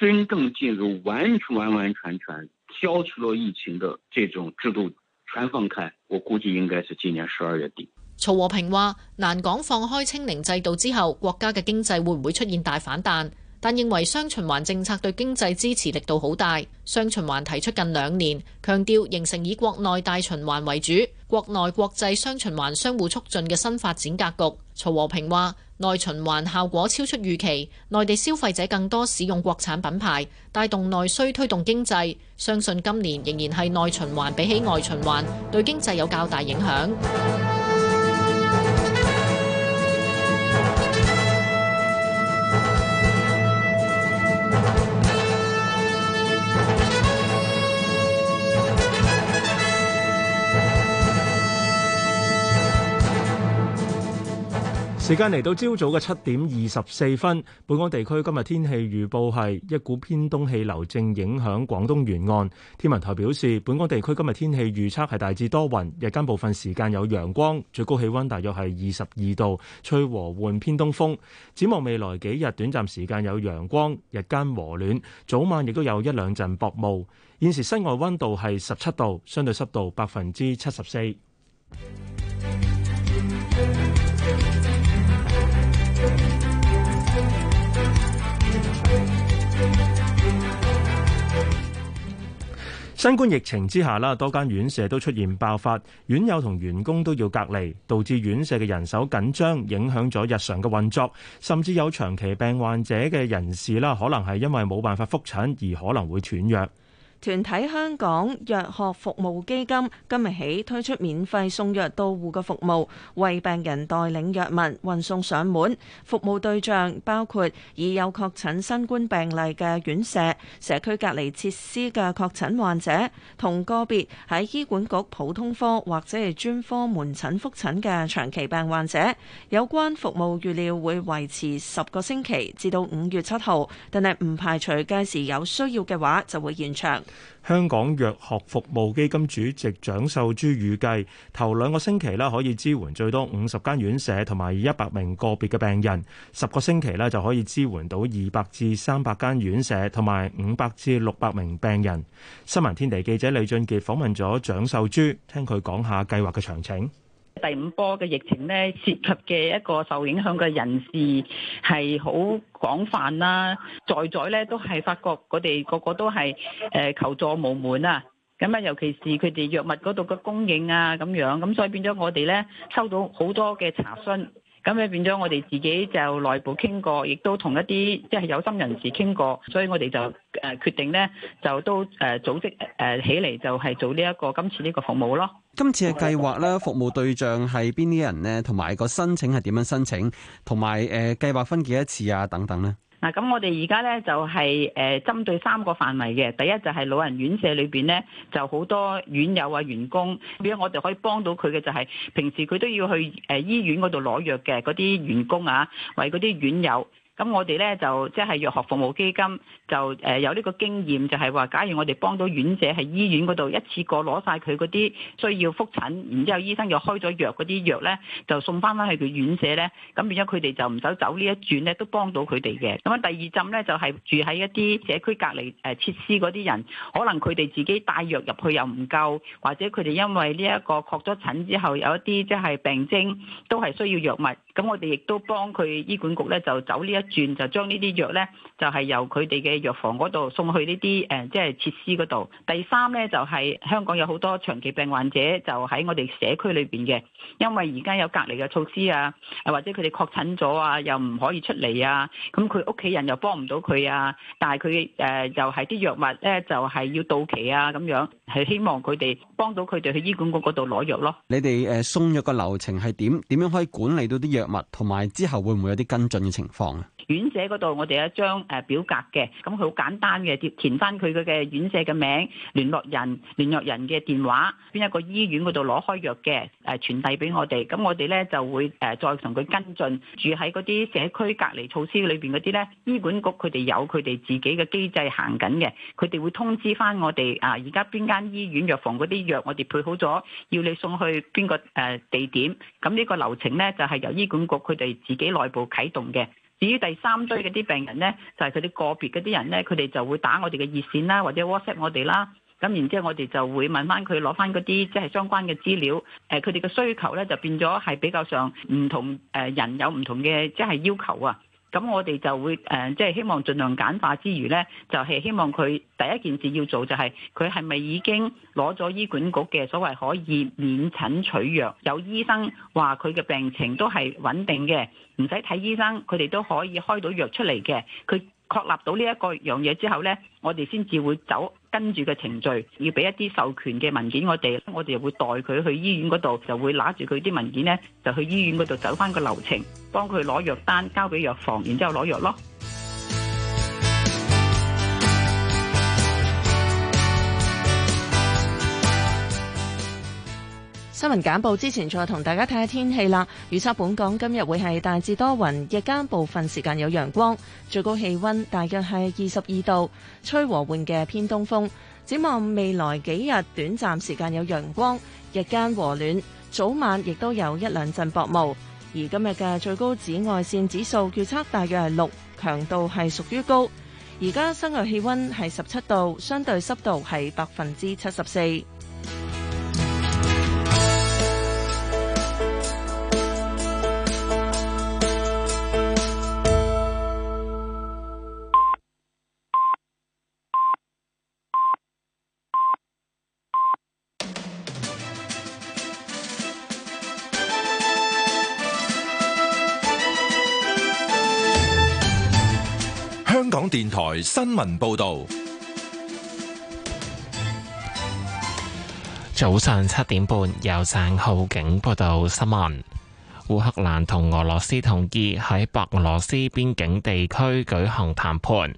真正進入完全完完全全消除咗疫情嘅這種制度全放開，我估計應該是今年十二月底。曹和平話，南港放開清零制度之後，國家嘅經濟會唔會出現大反彈？但認為雙循環政策對經濟支持力度好大。雙循環提出近兩年，強調形成以國內大循環為主、國內國際雙循環相互促進嘅新發展格局。曹和平話。內循環效果超出預期，內地消費者更多使用國產品牌，帶動內需推動經濟。相信今年仍然係內循環，比起外循環，對經濟有較大影響。時間嚟到朝早嘅七點二十四分，本港地區今日天氣預報係一股偏東氣流正影響廣東沿岸。天文台表示，本港地區今日天氣預測係大致多雲，日間部分時間有陽光，最高氣温大約係二十二度，吹和緩偏東風。展望未來幾日，短暫時間有陽光，日間和暖，早晚亦都有一兩陣薄霧。現時室外温度係十七度，相對濕度百分之七十四。新冠疫情之下啦，多間院舍都出現爆發，院友同員工都要隔離，導致院舍嘅人手緊張，影響咗日常嘅運作，甚至有長期病患者嘅人士啦，可能係因為冇辦法復診而可能會斷藥。團體香港藥學服務基金今日起推出免費送藥到戶嘅服務，為病人代領藥物、運送上門，服務對象包括已有確診新冠病例嘅院舍、社區隔離設施嘅確診患者，同個別喺醫管局普通科或者係專科門診復診嘅長期病患者。有關服務預料會維持十個星期，至到五月七號，但係唔排除屆時有需要嘅話就會延長。香港藥學服務基金主席蔣秀珠預計，頭兩個星期呢，可以支援最多五十間院舍同埋一百名個別嘅病人，十個星期呢，就可以支援到二百至三百間院舍同埋五百至六百名病人。新聞天地記者李俊傑訪問咗蔣秀珠，聽佢講下計劃嘅詳情。第五波嘅疫情呢，涉及嘅一個受影響嘅人士係好廣泛啦，啊，在在呢，都係發覺佢哋個，個個都係誒求助無門啊，咁啊尤其是佢哋藥物嗰度嘅供應啊咁樣，咁所以變咗我哋呢，收到好多嘅查詢。咁你變咗，我哋自己就內部傾過，亦都同一啲即係有心人士傾過，所以我哋就誒決定咧，就都誒組織誒起嚟，就係做呢一個今次呢個服務咯。今次嘅計劃咧，服務對象係邊啲人咧？同埋個申請係點樣申請？同埋誒計劃分幾多次啊？等等咧。嗱，咁我哋而家咧就係誒針對三個範圍嘅。第一就係老人院舍裏邊咧就好多院友啊員工，比如我哋可以幫到佢嘅就係平時佢都要去誒醫院嗰度攞藥嘅嗰啲員工啊，為嗰啲院友。咁我哋咧就即係藥學服務基金就誒有呢個經驗，就係話，假如我哋幫到院者喺醫院嗰度一次過攞晒佢嗰啲需要復診，然之後醫生又開咗藥嗰啲藥咧，就送翻翻去佢院舍咧，咁變咗佢哋就唔使走一轉呢一轉咧，都幫到佢哋嘅。咁啊，第二針咧就係住喺一啲社區隔離誒設施嗰啲人，可能佢哋自己帶藥入去又唔夠，或者佢哋因為呢一個確咗診之後有一啲即係病徵都係需要藥物。咁我哋亦都幫佢醫管局咧，就走呢一轉，就將呢啲藥咧，就係由佢哋嘅藥房嗰度送去呢啲誒，即係設施嗰度。第三咧，就係香港有好多長期病患者就喺我哋社區裏邊嘅，因為而家有隔離嘅措施啊，或者佢哋確診咗啊，又唔可以出嚟啊，咁佢屋企人又幫唔到佢啊，但係佢誒又係啲藥物咧，就係要到期啊咁樣，係希望佢哋幫到佢哋去醫管局嗰度攞藥咯。你哋誒送藥嘅流程係點？點樣可以管理到啲藥？物同埋之後會唔會有啲跟進嘅情況啊？院舍嗰度，我哋有一張誒表格嘅，咁佢好簡單嘅，填翻佢嘅院舍嘅名、聯絡人、聯絡人嘅電話，邊一個醫院嗰度攞開藥嘅，誒傳遞俾我哋，咁我哋咧就會誒再同佢跟進。住喺嗰啲社區隔離措施裏邊嗰啲咧，醫管局佢哋有佢哋自己嘅機制行緊嘅，佢哋會通知翻我哋啊，而家邊間醫院藥房嗰啲藥我哋配好咗，要你送去邊個誒地點，咁呢個流程咧就係由醫管局佢哋自己內部啟動嘅。至於第三堆嗰啲病人咧，就係佢啲個別嗰啲人咧，佢哋就會打我哋嘅熱線啦，或者 WhatsApp 我哋啦，咁然之後我哋就會問翻佢攞翻嗰啲即係相關嘅資料。誒，佢哋嘅需求咧就變咗係比較上唔同誒人有唔同嘅即係要求啊。咁我哋就會誒，即係希望儘量簡化之餘呢，就係希望佢第一件事要做就係佢係咪已經攞咗醫管局嘅所謂可以免診取藥，有醫生話佢嘅病情都係穩定嘅，唔使睇醫生，佢哋都可以開到藥出嚟嘅，佢。確立到呢一個樣嘢之後呢，我哋先至會走跟住個程序，要俾一啲授權嘅文件我哋，我哋會代佢去醫院嗰度，就會揦住佢啲文件呢，就去醫院嗰度走翻個流程，幫佢攞藥單交俾藥房，然之後攞藥咯。新聞簡報之前再同大家睇下天氣啦，預測本港今日會係大致多雲，日間部分時間有陽光，最高氣温大約係二十二度，吹和緩嘅偏東風。展望未來幾日，短暫時間有陽光，日間和暖，早晚亦都有一兩陣薄霧。而今日嘅最高紫外線指數預測大約係六，強度係屬於高。而家室外氣温係十七度，相對濕度係百分之七十四。電台新聞報道，早上七點半由鄭浩景報道新聞。烏克蘭同俄羅斯同意喺白俄羅斯邊境地區舉行談判。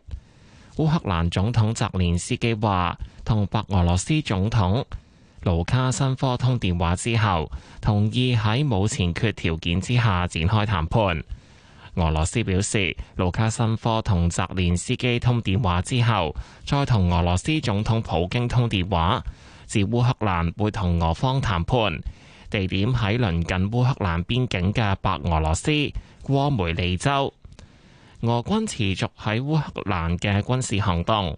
烏克蘭總統澤連斯基話，同白俄羅斯總統盧卡申科通電話之後，同意喺冇先決條件之下展開談判。俄羅斯表示，盧卡申科同澤連斯基通電話之後，再同俄羅斯總統普京通電話，指烏克蘭會同俄方談判，地點喺鄰近烏克蘭邊境嘅白俄羅斯戈梅利州。俄軍持續喺烏克蘭嘅軍事行動，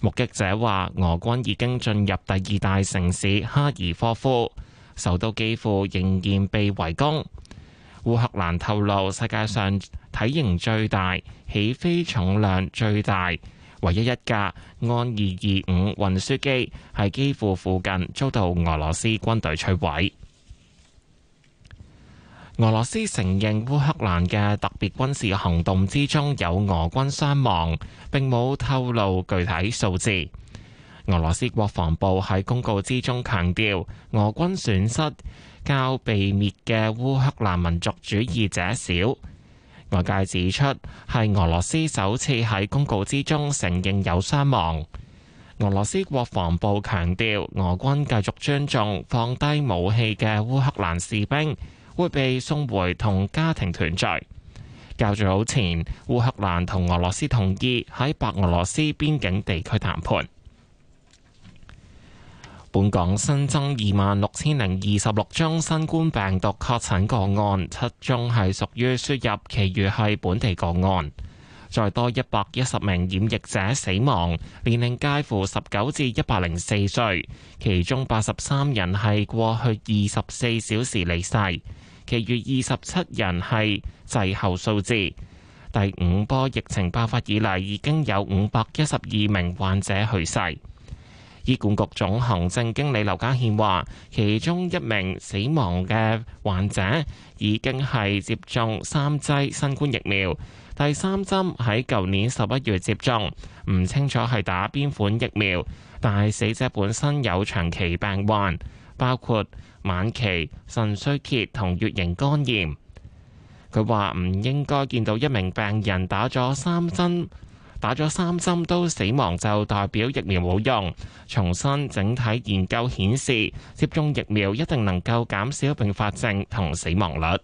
目擊者話俄軍已經進入第二大城市哈爾科夫，首都基輔仍然被圍攻。烏克蘭透露，世界上體型最大、起飛重量最大、唯一一架安二二五運輸機，喺基輔附近遭到俄羅斯軍隊摧毀。俄羅斯承認烏克蘭嘅特別軍事行動之中有俄軍傷亡，并冇透露具體數字。俄羅斯國防部喺公告之中強調，俄軍損失。較被滅嘅烏克蘭民族主義者少，外界指出係俄羅斯首次喺公告之中承認有傷亡。俄羅斯國防部強調，俄軍繼續尊重放低武器嘅烏克蘭士兵，會被送回同家庭團聚。較早前，烏克蘭同俄羅斯同意喺白俄羅斯邊境地區談判。本港新增二萬六千零二十六宗新冠病毒確診個案，七宗係屬於輸入，其餘係本地個案。再多一百一十名染疫者死亡，年齡介乎十九至一百零四歲，其中八十三人係過去二十四小時離世，其餘二十七人係滯後數字。第五波疫情爆發以嚟，已經有五百一十二名患者去世。醫管局總行政經理劉家憲話，其中一名死亡嘅患者已經係接種三劑新冠疫苗，第三針喺舊年十一月接種，唔清楚係打邊款疫苗，但係死者本身有長期病患，包括晚期腎衰竭同乙型肝炎。佢話唔應該見到一名病人打咗三針。打咗三針都死亡就代表疫苗冇用。重新整體研究顯示，接種疫苗一定能夠減少併發症同死亡率。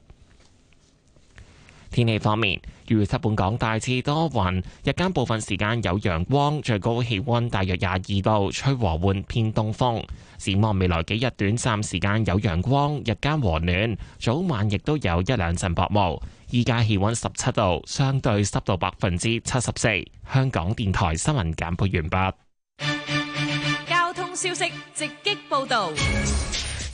天氣方面。預測本港大致多雲，日間部分時間有陽光，最高氣溫大約廿二度，吹和緩偏東風。展望未來幾日，短暫時間有陽光，日間和暖，早晚亦都有一兩陣薄霧。依家氣溫十七度，相對濕度百分之七十四。香港電台新聞簡報完畢。交通消息直擊報道。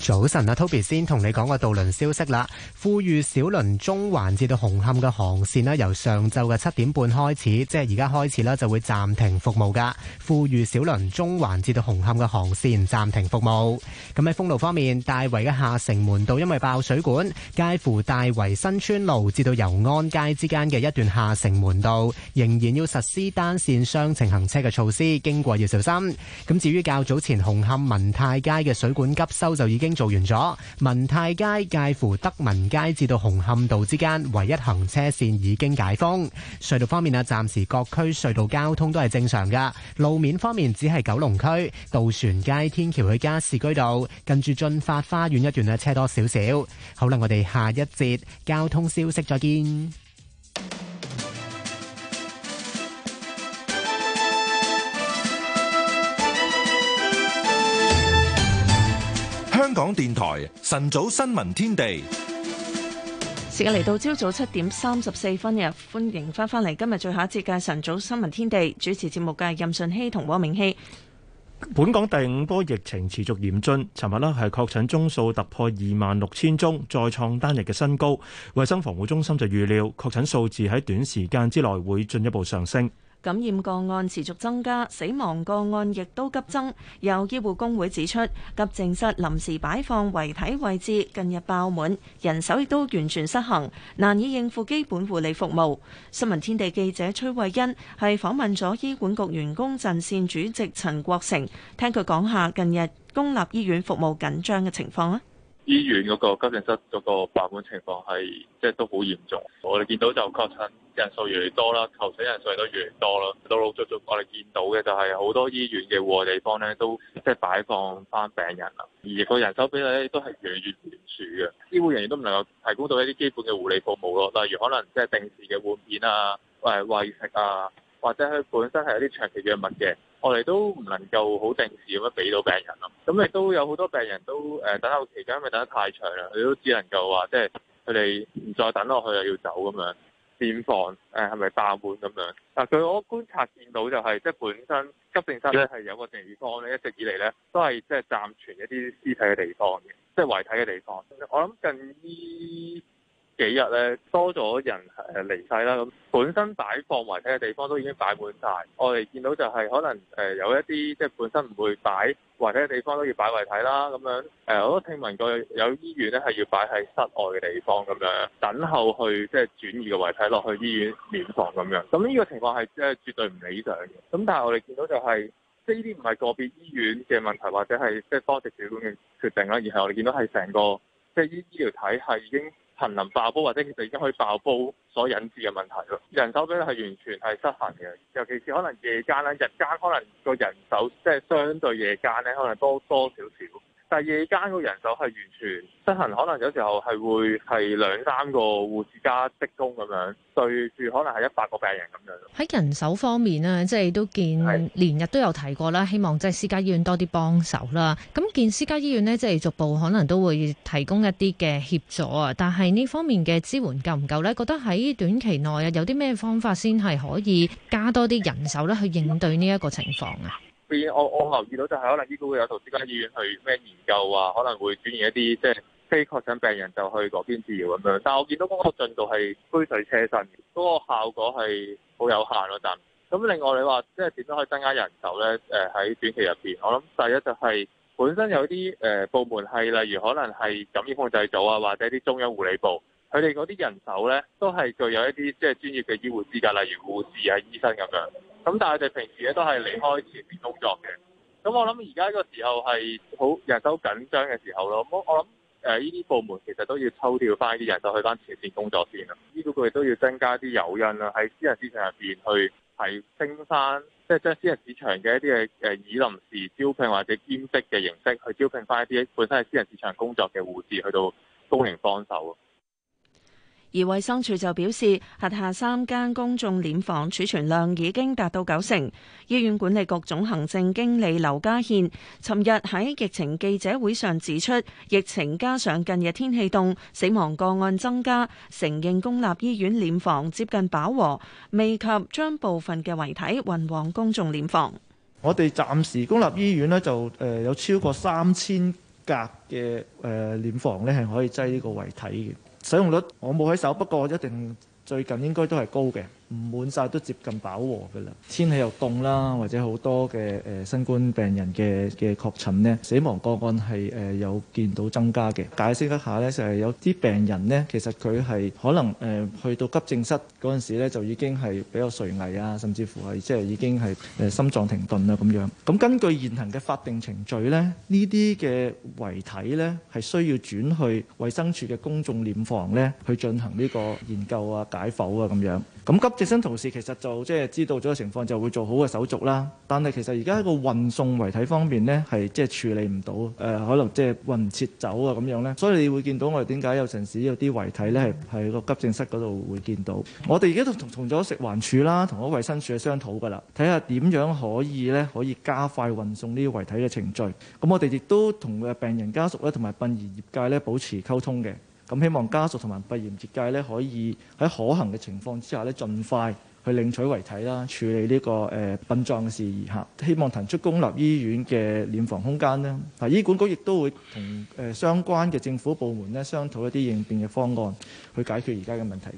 早晨啊，Toby 先同你講個渡輪消息啦。富裕小輪中環至到紅磡嘅航線咧，由上晝嘅七點半開始，即係而家開始咧，就會暫停服務噶。富裕小輪中環至到紅磡嘅航線暫停服務。咁喺封路方面，大圍嘅下城門道因為爆水管，介乎大圍新村路至到油安街之間嘅一段下城門道仍然要實施單線雙程行車嘅措施。經過要小心。咁至於較早前紅磡民泰街嘅水管急修，就已經。做完咗，民泰街介乎德民街至到紅磡道之間唯一行車線已經解封。隧道方面啊，暫時各區隧道交通都係正常噶。路面方面只係九龍區渡船街天橋去加士居道近住駿發花園一段啊，車多少少。好啦，我哋下一節交通消息再見。香港電台晨早新聞天地，時間嚟到朝早七點三十四分嘅，歡迎翻翻嚟，今日最後一節嘅晨早新聞天地主持節目嘅係任順熙同汪明熙。本港第五波疫情持續嚴峻，尋日呢係確診宗數突破二萬六千宗，再創單日嘅新高。衛生防護中心就預料，確診數字喺短時間之內會進一步上升。感染個案持續增加，死亡個案亦都急增。有醫護工會指出，急症室臨時擺放遺體位置近日爆滿，人手亦都完全失衡，難以應付基本護理服務。新聞天地記者崔慧欣係訪問咗醫管局員工陣線主席陳國成，聽佢講下近日公立醫院服務緊張嘅情況啊！醫院嗰個急症室嗰個爆滿情況係即係都好嚴重，我哋見到就確診人數越嚟越多啦，求死人數亦都越嚟越多啦，陸陸續續我哋見到嘅就係好多醫院嘅戶外地方咧都即係擺放翻病人啦，而個人手比例咧都係越嚟越懸殊嘅，醫護人員都唔能夠提供到一啲基本嘅護理服務咯，例如可能即係定時嘅換片啊、誒餵食啊，或者佢本身係一啲長期藥物嘅。我哋都唔能夠好定時咁樣俾到病人咯，咁亦都有好多病人都誒等候期間，因為等得太長啦，佢都只能夠話即係佢哋唔再等落去又要走咁樣，病房誒係咪爆滿咁樣？但係佢我觀察見到就係、是、即係本身急症室咧係有個地方咧，一直以嚟咧都係即係暫存一啲屍體嘅地方嘅，即係遺體嘅地方。我諗近呢幾日咧多咗人誒離世啦，咁本身擺放遺體嘅地方都已經擺滿晒。我哋見到就係可能誒有一啲即係本身唔會擺遺體嘅地方都要擺遺體啦。咁樣誒我都聽聞過有醫院咧係要擺喺室外嘅地方咁樣等候去即係、就是、轉移個遺體落去醫院殮房咁樣。咁呢個情況係即係絕對唔理想嘅。咁但係我哋見到就係即係呢啲唔係個別醫院嘅問題，或者係即係多職主管嘅決定啦，而係我哋見到係成個即係醫醫療體系已經。瀕臨爆煲或者其實已經可以爆煲所引致嘅問題咯，人手比例係完全係失衡嘅，尤其是可能夜間咧，日間可能個人手即係相對夜間咧，可能多多少少。但係夜間嗰人手係完全失衡，可能有時候係會係兩三個護士加職工咁樣對住，可能係一百個病人咁樣。喺人手方面呢，即係都見連日都有提過啦，希望即係私家醫院多啲幫手啦。咁見私家醫院呢，即係逐步可能都會提供一啲嘅協助啊。但係呢方面嘅支援夠唔夠呢？覺得喺短期內啊，有啲咩方法先係可以加多啲人手咧，去應對呢一個情況啊？我我留意到就係可能醫管局會有同私家醫院去咩研究啊，可能會轉移一啲即係非確診病人就去嗰邊治療咁樣，但我見到嗰個進度係杯水車薪，嗰、嗰個效果係好有限咯。但咁另外你話即係點樣可以增加人手咧？誒喺短期入邊，我諗第一就係本身有啲誒部門係例如可能係感染控制組啊，或者啲中央護理部，佢哋嗰啲人手咧都係具有一啲即係專業嘅醫護資格，例如護士啊、醫生咁樣。咁但係佢哋平時咧都係離開前面工作嘅。咁我諗而家呢個時候係好人手緊張嘅時候咯。咁我我諗誒呢啲部門其實都要抽調翻啲人，就去翻前線工作先啦。呢個佢哋都要增加啲誘因啦，喺私人市場入邊去係精簡，即係即私人市場嘅一啲嘅誒以臨時招聘或者兼職嘅形式去招聘翻一啲本身喺私人市場工作嘅護士去到公營幫手。而衛生署就表示，轄下三間公眾殮房儲存量已經達到九成。醫院管理局總行政經理劉家憲尋日喺疫情記者會上指出，疫情加上近日天氣凍，死亡個案增加，承認公立醫院殮房接近飽和，未及將部分嘅遺體運往公眾殮房。我哋暫時公立醫院呢，就誒有超過三千格嘅誒殮房呢係可以擠呢個遺體嘅。使用率我冇喺手，不過一定最近應該都係高嘅。唔滿晒都接近飽和㗎啦。天氣又凍啦，或者好多嘅誒、呃、新冠病人嘅嘅確診咧，死亡個案係誒、呃、有見到增加嘅。解釋一下咧，就係有啲病人咧，其實佢係可能誒、呃、去到急症室嗰陣時咧，就已經係比較垂危啊，甚至乎係即係已經係誒、呃、心臟停頓啊。咁樣。咁根據現行嘅法定程序咧，呢啲嘅遺體咧係需要轉去衛生署嘅公眾殮房咧，去進行呢個研究啊、解剖啊咁樣。咁急症室同事其實就即係知道咗嘅情況，就會做好嘅手續啦。但係其實而家喺個運送遺體方面咧，係即係處理唔到，誒、呃、可能即係運唔切走啊咁樣咧。所以你會見到我哋點解有時有啲遺體咧係喺個急症室嗰度會見到。嗯、我哋而家都同同咗食環署啦，同咗衞生署商討㗎啦，睇下點樣可以咧可以加快運送呢啲遺體嘅程序。咁我哋亦都同嘅病人家屬咧，同埋殯儀業界咧保持溝通嘅。咁希望家屬同埋殯儀業界咧，可以喺可行嘅情況之下咧，盡快去領取遺體啦，處理呢個誒殯葬事宜。嚇，希望騰出公立醫院嘅殮房空間啦。嗱，醫管局亦都會同誒相關嘅政府部門咧，商討一啲應變嘅方案，去解決而家嘅問題。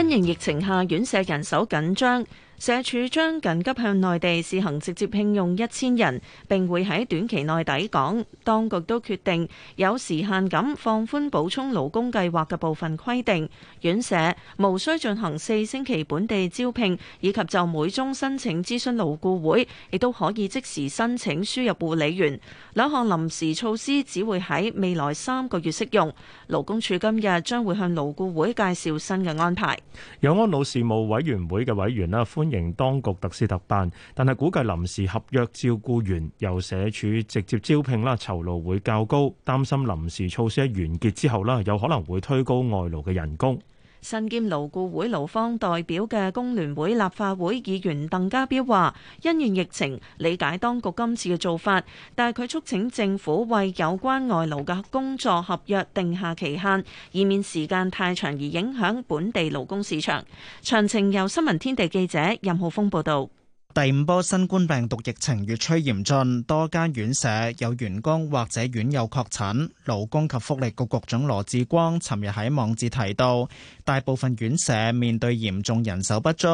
因應疫情下，院舍人手緊張。社署將緊急向內地試行直接聘用一千人，並會喺短期內抵港。當局都決定有時限咁放寬補充勞工計劃嘅部分規定，院舍無需進行四星期本地招聘，以及就每宗申請諮詢勞顧會，亦都可以即時申請輸入護理員。兩項臨時措施只會喺未來三個月適用。勞工處今日將會向勞顧會介紹新嘅安排。有安老事務委員會嘅委員啦，歡迎當局特事特辦，但係估計臨時合約照顧員由社署直接招聘啦，酬勞會較高，擔心臨時措施完結之後啦，有可能會推高外勞嘅人工。身兼勞顧會勞方代表嘅工聯會立法會議員鄧家彪話，因應疫情，理解當局今次嘅做法，但係佢促請政府為有關外勞嘅工作合約定下期限，以免時間太長而影響本地勞工市場。詳情由新聞天地記者任浩峰報道。第五波新冠病毒疫情越趨嚴峻，多間院舍有員工或者院友確診。勞工及福利局局，局長羅致光尋日喺網誌提到，大部分院舍面對嚴重人手不足，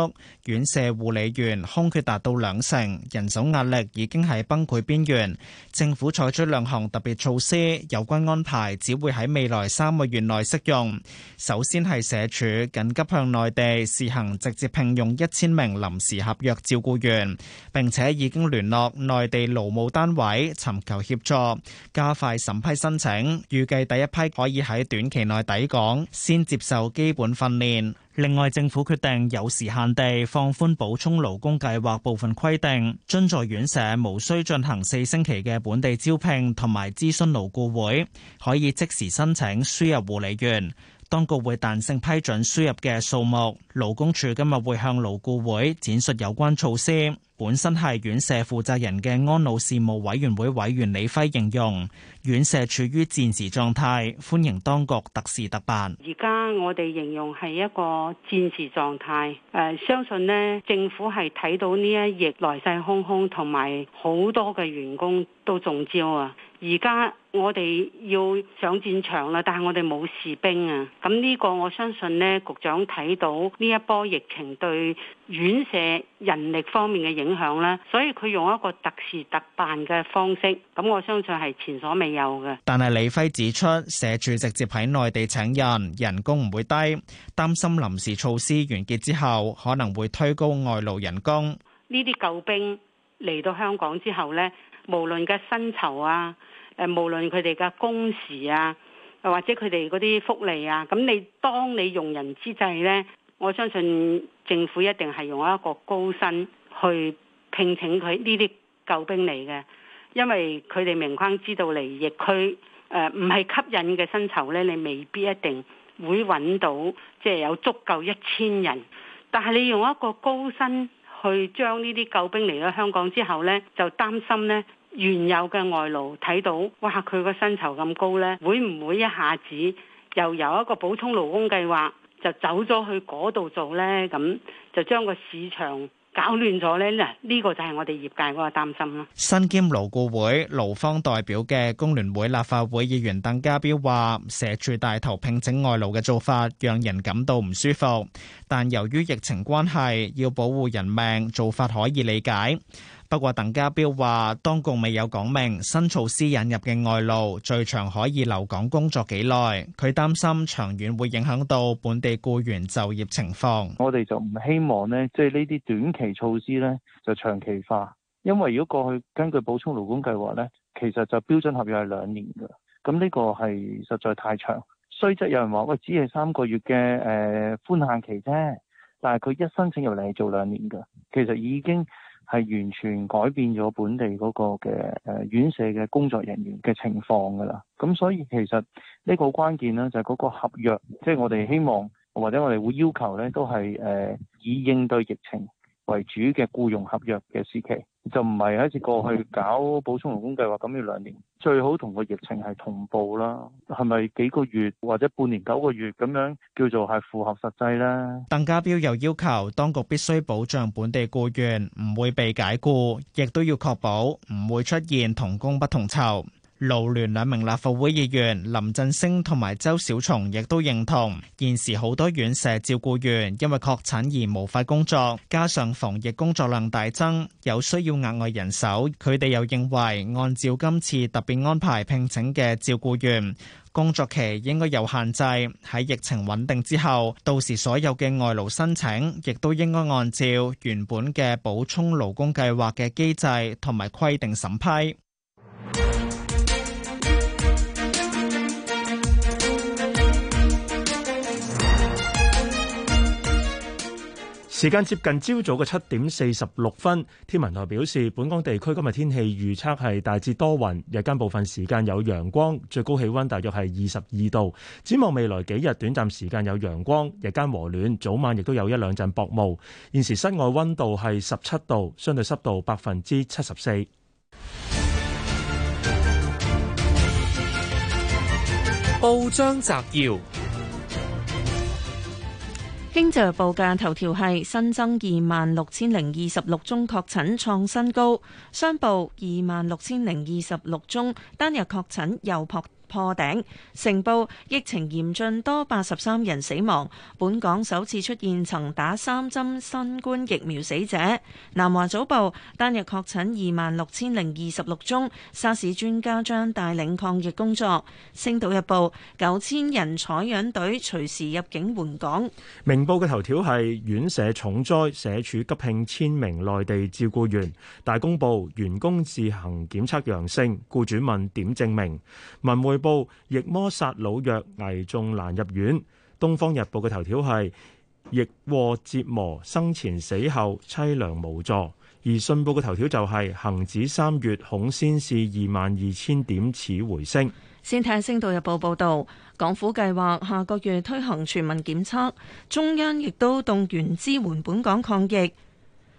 院舍護理員空缺達到兩成，人手壓力已經係崩潰邊緣。政府採取兩項特別措施，有關安排只會喺未來三個月內適用。首先係社署緊急向內地試行直接聘用一千名臨時合約照顧員員，並且已經聯絡內地勞務單位尋求協助，加快審批申請，預計第一批可以喺短期內抵港，先接受基本訓練。另外，政府決定有時限地放寬補充勞工計劃部分規定，津助院舍無需進行四星期嘅本地招聘，同埋諮詢勞雇會，可以即時申請輸入護理員。當局會彈性批准輸入嘅數目。勞工處今日會向勞顧會展述有關措施。本身係院舍負責人嘅安老事務委員會委員李輝形容。院舍處於戰時狀態，歡迎當局特事特辦。而家我哋形容係一個戰時狀態，誒、呃，相信咧政府係睇到呢一役來勢洶洶，同埋好多嘅員工都中招啊。而家我哋要上戰場啦，但係我哋冇士兵啊。咁呢個我相信咧，局長睇到呢一波疫情對院舍人力方面嘅影響咧，所以佢用一個特事特辦嘅方式，咁我相信係前所未有有嘅，但係李輝指出，社署直接喺內地請人，人工唔會低，擔心臨時措施完結之後，可能會推高外勞人工。呢啲救兵嚟到香港之後呢，無論嘅薪酬啊，誒，無論佢哋嘅工時啊，或者佢哋嗰啲福利啊，咁你當你用人之際呢，我相信政府一定係用一個高薪去聘請佢呢啲救兵嚟嘅。因為佢哋明框知道離譯區，唔係吸引嘅薪酬咧，你未必一定會揾到，即係有足夠一千人。但係你用一個高薪去將呢啲救兵嚟到香港之後呢，就擔心呢，原有嘅外勞睇到，哇，佢個薪酬咁高呢，會唔會一下子又由一個補充勞工計劃就走咗去嗰度做呢？咁就將個市場。搞亂咗咧，嗱呢個就係我哋業界嗰個擔心啦。身兼勞顧會勞方代表嘅工聯會立法會議員鄧家彪話，社署帶頭聘請外勞嘅做法，讓人感到唔舒服。但由於疫情關係，要保護人命，做法可以理解。不過，鄧家彪話：當局未有講明新措施引入嘅外勞最長可以留港工作幾耐。佢擔心長遠會影響到本地雇員就業情況。我哋就唔希望咧，即係呢啲短期措施咧就長期化，因為如果過去根據補充勞工計劃呢，其實就標準合約係兩年㗎。咁呢個係實在太長。雖則有人話：「喂，只係三個月嘅誒、呃、寬限期啫」，但係佢一申請入嚟做兩年㗎，其實已經。係完全改變咗本地嗰個嘅誒、呃、院舍嘅工作人員嘅情況㗎啦，咁所以其實呢個好關鍵咧、啊、就係、是、嗰個合約，即、就、係、是、我哋希望或者我哋會要求咧都係誒、呃、以應對疫情為主嘅僱傭合約嘅時期。就唔係一次過去搞補充勞工計劃咁要兩年，最好同個疫情係同步啦。係咪幾個月或者半年九個月咁樣叫做係符合實際咧？鄧家彪又要求當局必須保障本地雇員唔會被解雇，亦都要確保唔會出現同工不同酬。勞聯兩名立法會議員林振昇同埋周小松亦都認同，現時好多院舍照顧員因為確診而無法工作，加上防疫工作量大增，有需要額外人手。佢哋又認為，按照今次特別安排聘請嘅照顧員，工作期應該有限制。喺疫情穩定之後，到時所有嘅外勞申請，亦都應該按照原本嘅補充勞工計劃嘅機制同埋規定審批。時間接近朝早嘅七點四十六分，天文台表示，本港地區今日天氣預測係大致多雲，日間部分時間有陽光，最高氣温大約係二十二度。展望未來幾日，短暫時間有陽光，日間和暖，早晚亦都有一兩陣薄霧。現時室外温度係十七度，相對濕度百分之七十四。報章摘要。經濟日報頭條係新增二萬六千零二十六宗確診創新高，商報二萬六千零二十六宗單日確診又破。破頂，成報疫情嚴峻，多八十三人死亡。本港首次出現曾打三針新冠疫苗死者。南華早報單日確診二萬六千零二十六宗。沙士專家將帶領抗疫工作。星島日報九千人採樣隊隨時入境援港。明報嘅頭條係院舍重災，社署急聘千名內地照顧員。大公報員工自行檢測陽性，雇主問點證明？文匯報疫魔殺老弱危重難入院。東方日報嘅頭條係疫禍折磨生前死後淒涼無助。而信報嘅頭條就係、是、恒指三月恐先試二萬二千點此回升。先睇下星島日報報道，港府計劃下個月推行全民檢測，中央亦都動員支援本港抗疫。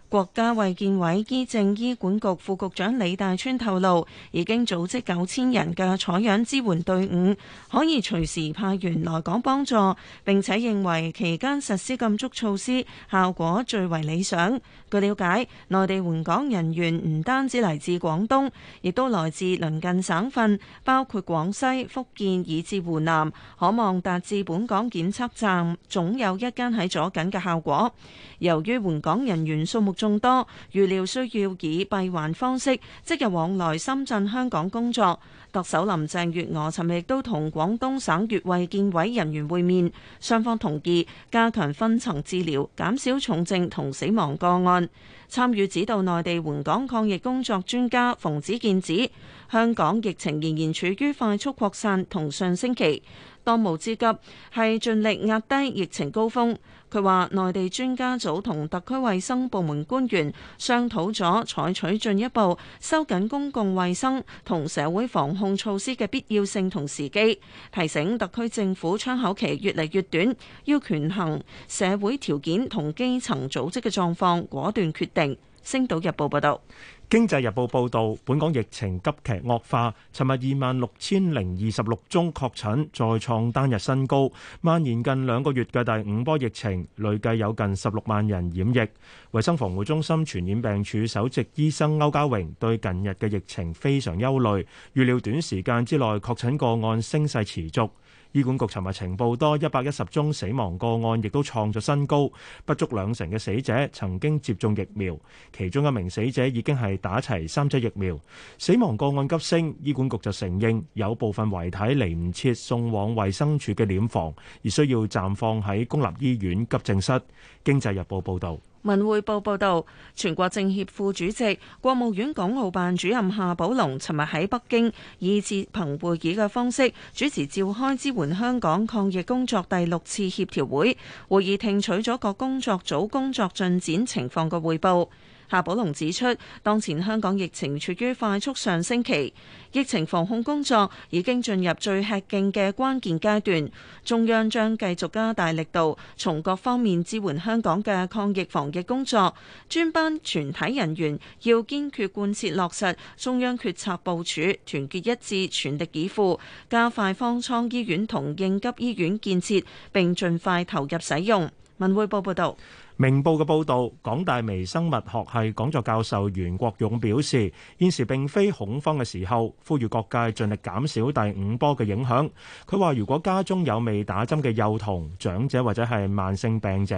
國家衛健委醫政醫管局副局長李大川透露，已經組織九千人嘅採樣支援隊伍，可以隨時派員來港幫助。並且認為期間實施禁足措施效果最為理想。據了解，內地援港人員唔單止嚟自廣東，亦都來自鄰近省份，包括廣西、福建以至湖南，可望達至本港檢測站總有一間喺左近嘅效果。由於援港人員數目，眾多預料需要以閉環方式即日往來深圳、香港工作。特首林鄭月娥尋日都同廣東省粵衛健委人員會面，雙方同意加強分層治療，減少重症同死亡個案。參與指導內地援港抗疫工作專家馮子健指，香港疫情仍然處於快速擴散同上升期，當務之急係盡力壓低疫情高峰。佢話：內地專家組同特區衛生部門官員商討咗採取進一步收緊公共衛生同社會防控措施嘅必要性同時機，提醒特區政府窗口期越嚟越短，要權衡社會條件同基層組織嘅狀況，果斷決定。星島日報報道。經濟日報報導，本港疫情急劇惡化，尋日二萬六千零二十六宗確診，再創單日新高。蔓延近兩個月嘅第五波疫情，累計有近十六萬人染疫。衞生防護中心傳染病處首席醫生歐家榮對近日嘅疫情非常憂慮，預料短時間之內確診個案升勢持續。醫管局尋日情報多一百一十宗死亡個案，亦都創咗新高，不足兩成嘅死者曾經接種疫苗，其中一名死者已經係打齊三劑疫苗。死亡個案急升，醫管局就承認有部分遺體嚟唔切送往衛生署嘅殮房，而需要暫放喺公立醫院急症室。經濟日報報道。文匯報報道，全國政協副主席、國務院港澳辦主任夏寶龍尋日喺北京以視頻會議嘅方式主持召開支援香港抗疫工作第六次協調會，會議聽取咗各工作組工作進展情況嘅匯報。夏寶龍指出，當前香港疫情處於快速上升期，疫情防控工作已經進入最吃勁嘅關鍵階段。中央將繼續加大力度，從各方面支援香港嘅抗疫防疫工作。專班全體人員要堅決貫徹落實中央決策部署，團結一致，全力以赴，加快方艙醫院同應急醫院建設，並盡快投入使用。文匯報報道，明報嘅報道，港大微生物學系講座教授袁國勇表示，現時並非恐慌嘅時候，呼籲各界盡力減少第五波嘅影響。佢話，如果家中有未打針嘅幼童、長者或者係慢性病者，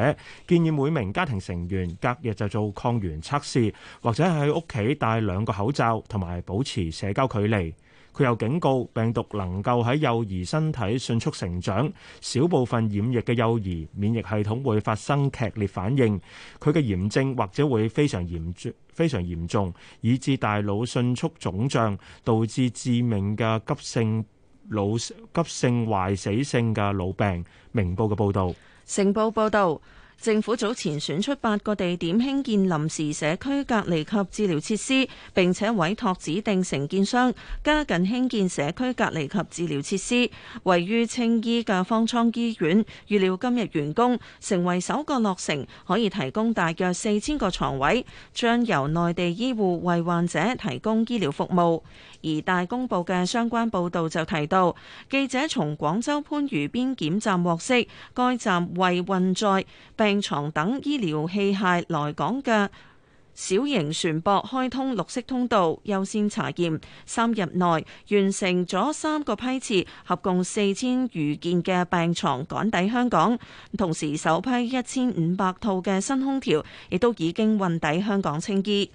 建議每名家庭成員隔日就做抗原測試，或者喺屋企戴兩個口罩，同埋保持社交距離。佢又警告病毒能夠喺幼兒身體迅速成長，少部分染疫嘅幼兒免疫系統會發生劇烈反應，佢嘅炎症或者會非常嚴重，非常嚴重，以致大腦迅速腫脹，導致致致命嘅急性腦急性壞死性嘅腦病。明報嘅報道，成報報道。政府早前選出八個地點興建臨時社區隔離及治療設施，並且委託指定承建商加緊興建社區隔離及治療設施。位於青衣嘅方艙醫院預料今日完工，成為首個落成，可以提供大約四千個床位，將由內地醫護為患者提供醫療服務。而大公報嘅相關報導就提到，記者從廣州番禺邊檢站獲悉，該站為運載病床等醫療器械來港嘅小型船舶開通綠色通道，優先查驗。三日內完成咗三個批次，合共四千餘件嘅病床趕抵香港。同時，首批一千五百套嘅新空調亦都已經運抵香港青衣，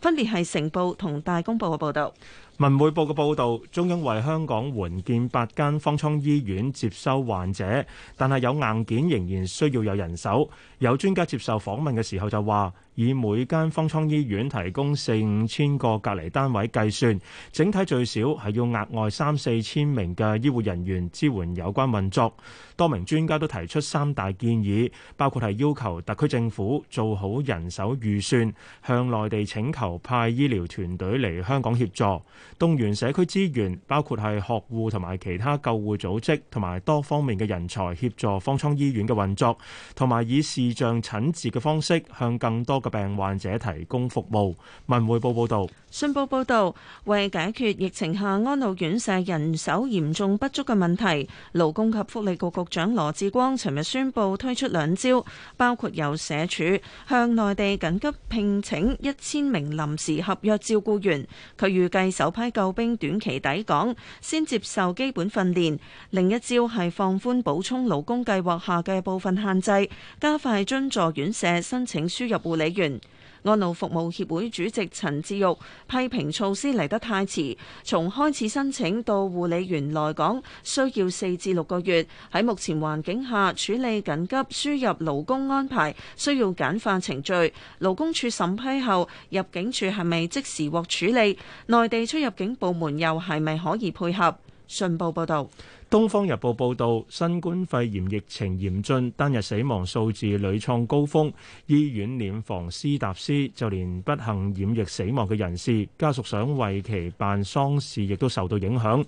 分別係成報同大公報嘅報道。文匯報嘅報道，中央為香港援建八間方艙醫院接收患者，但係有硬件仍然需要有人手。有專家接受訪問嘅時候就話，以每間方艙醫院提供四五千個隔離單位計算，整體最少係要額外三四千名嘅醫護人員支援有關運作。多名專家都提出三大建議，包括係要求特區政府做好人手預算，向內地請求派醫療團隊嚟香港協助。動員社區資源，包括係學護同埋其他救護組織，同埋多方面嘅人才協助方艙醫院嘅運作，同埋以視像診治嘅方式向更多嘅病患者提供服務。文匯報報道。信報報道，為解決疫情下安老院舍人手嚴重不足嘅問題，勞工及福利局局長羅致光尋日宣布推出兩招，包括由社署向內地緊急聘請一千名臨時合約照顧員。佢預計首，派救兵短期抵港，先接受基本訓練，另一招係放寬補充勞工計劃下嘅部分限制，加快津助院舍申請輸入護理員。安老服務協會主席陳志玉批評措施嚟得太遲，從開始申請到護理員來港需要四至六個月。喺目前環境下處理緊急輸入勞工安排需要簡化程序，勞工處審批後，入境處係咪即時獲處理？內地出入境部門又係咪可以配合？信報報道。《東方日報》報導，新冠肺炎疫情嚴峻，單日死亡數字屢創高峰，醫院殮房屍疊屍，就連不幸染疫死亡嘅人士，家屬想為其辦喪事，亦都受到影響。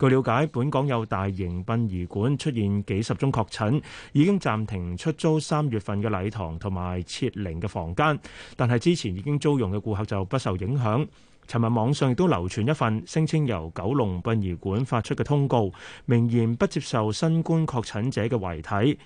據了解，本港有大型殯儀館出現幾十宗確診，已經暫停出租三月份嘅禮堂同埋設靈嘅房間，但係之前已經租用嘅顧客就不受影響。琴日網上亦都流傳一份聲稱由九龍殯儀館發出嘅通告，明言不接受新冠確診者嘅遺體。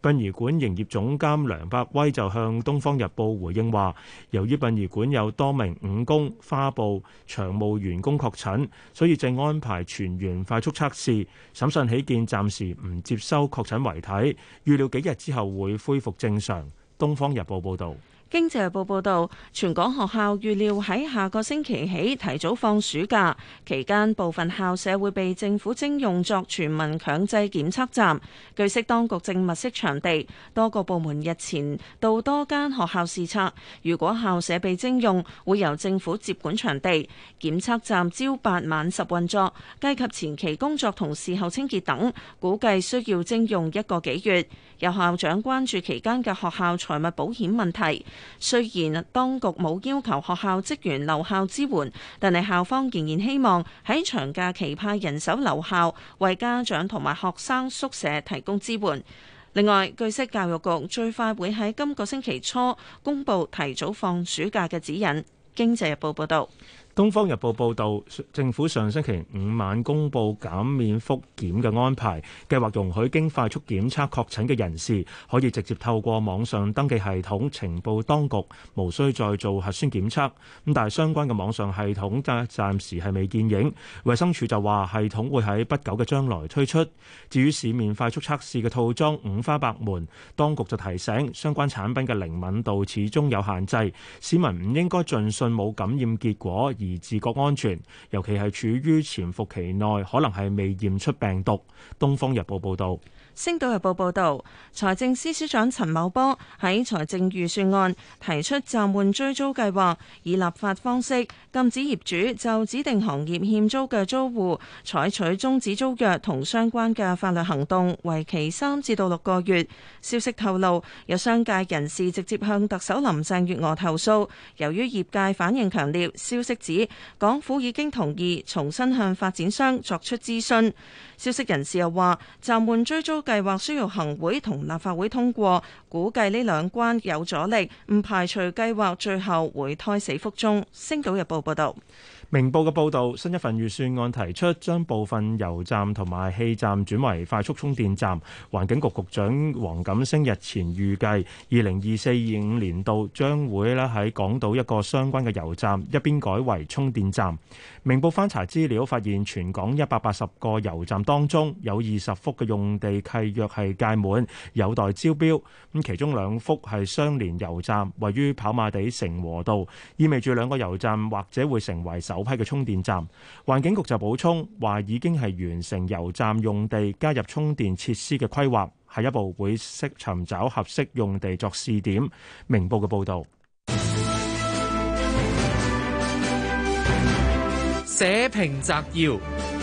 殯儀館營業總監梁伯威就向《東方日報》回應話：由於殯儀館有多名五工、花布、長務員工確診，所以正安排全員快速測試，審慎起見暫時唔接收確診遺體，預料幾日之後會恢復正常。《東方日報》報導。經濟報報導，全港學校預料喺下個星期起提早放暑假，期間部分校舍會被政府徵用作全民強制檢測站。據悉，當局正物色場地，多個部門日前到多間學校視察。如果校舍被徵用，會由政府接管場地，檢測站朝八晚十運作，計及前期工作同事後清潔等，估計需要徵用一個幾月。有校長關注期間嘅學校財物保險問題。雖然當局冇要求學校職員留校支援，但係校方仍然希望喺長假期派人手留校，為家長同埋學生宿舍提供支援。另外，據悉教育局最快會喺今個星期初公布提早放暑假嘅指引。經濟日報報道。《東方日報》報道，政府上星期五晚公布減免複檢嘅安排，計劃容許經快速檢測確診嘅人士可以直接透過網上登記系統呈報當局，無需再做核酸檢測，咁但係相關嘅網上系統暫時係未見影。衛生署就話系統會喺不久嘅將來推出。至於市面快速測試嘅套裝五花八門，當局就提醒相關產品嘅靈敏度始終有限制，市民唔應該盡信冇感染結果。而自覺安全，尤其係處於潛伏期內，可能係未驗出病毒。《東方日報》報道。《星島日報》報導，財政司司長陳茂波喺財政預算案提出暫緩追租計劃，以立法方式禁止業主就指定行業欠租嘅租戶採取終止租約同相關嘅法律行動，為期三至到六個月。消息透露，有商界人士直接向特首林鄭月娥投訴，由於業界反應強烈，消息指港府已經同意重新向發展商作出諮詢。消息人士又話，暫緩追租。計劃需要行會同立法會通過，估計呢兩關有阻力，唔排除計劃最後會胎死腹中。星島日報報道。明報嘅報導，新一份預算案提出將部分油站同埋氣站轉為快速充電站。環境局局長黃錦星日前預計，二零二四、二五年度將會咧喺港島一個相關嘅油站一邊改為充電站。明報翻查資料，發現全港一百八十個油站當中有二十幅嘅用地契約係屆滿，有待招標。咁其中兩幅係相連油站，位於跑馬地成和道，意味住兩個油站或者會成為首首批嘅充電站，環境局就補充話，已經係完成油站用地加入充電設施嘅規劃，下一步會識尋找合適用地作試點。明報嘅報道。社評摘要。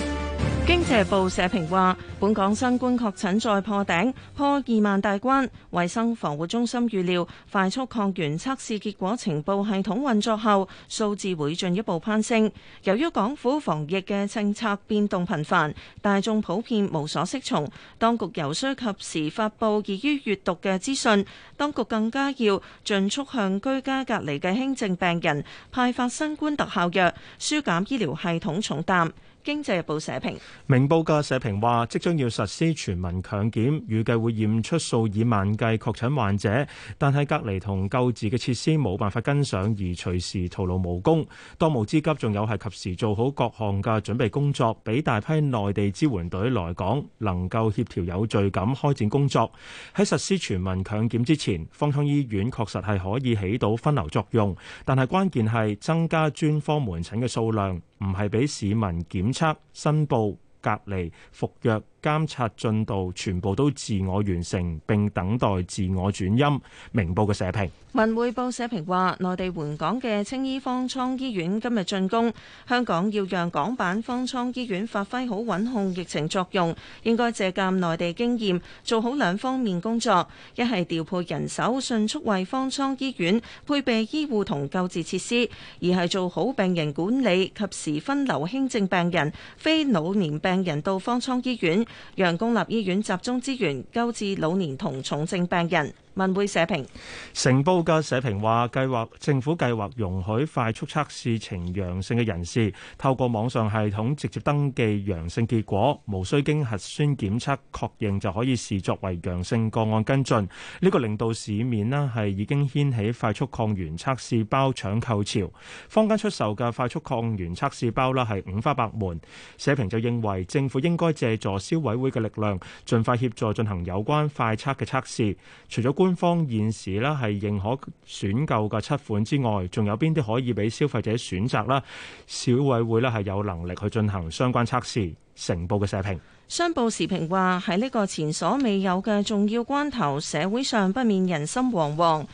經濟報社評話：本港新冠確診再破頂，破二萬大關。衛生防護中心預料，快速抗原測試結果情報系統運作後，數字會進一步攀升。由於港府防疫嘅政策變動頻繁，大眾普遍無所適從，當局有需及時發布易於閲讀嘅資訊。當局更加要盡速向居家隔離嘅輕症病人派發新冠特效藥，舒減醫療系統重擔。《經濟日報》社評，明報嘅社評話，即將要實施全民強檢，預計會驗出數以萬計確診患者，但係隔離同救治嘅設施冇辦法跟上，而隨時徒勞無功。當務之急，仲有係及時做好各項嘅準備工作，俾大批內地支援隊來港，能夠協調有序咁開展工作。喺實施全民強檢之前，方艙醫院確實係可以起到分流作用，但係關鍵係增加專科門診嘅數量。唔係畀市民檢測、申報、隔離、服藥。監察進度全部都自我完成，並等待自我轉陰。明報嘅社評，文匯報社評話：內地援港嘅青衣方艙醫院今日竣工。香港要讓港版方艙醫院發揮好穩控疫情作用，應該借鑑內地經驗，做好兩方面工作：一係調配人手，迅速為方艙醫院配備醫護同救治設施；二係做好病人管理，及時分流輕症病人、非老年病人到方艙醫院。讓公立醫院集中資源救治老年同重症病人。文匯社評，成報嘅社評話，計劃政府計劃容許快速測試呈陽性嘅人士透過網上系統直接登記陽性結果，無需經核酸檢測確認就可以視作為陽性個案跟進。呢、這個令到市面呢係已經掀起快速抗原測試包搶購潮。坊間出售嘅快速抗原測試包啦係五花八門。社評就認為政府應該借助消委會嘅力量，盡快協助進行有關快測嘅測試。除咗官方現時呢係認可選購嘅七款之外，仲有邊啲可以俾消費者選擇呢？消委會呢係有能力去進行相關測試，成報嘅社評。商報時評話，喺呢個前所未有嘅重要關頭，社會上不免人心惶惶。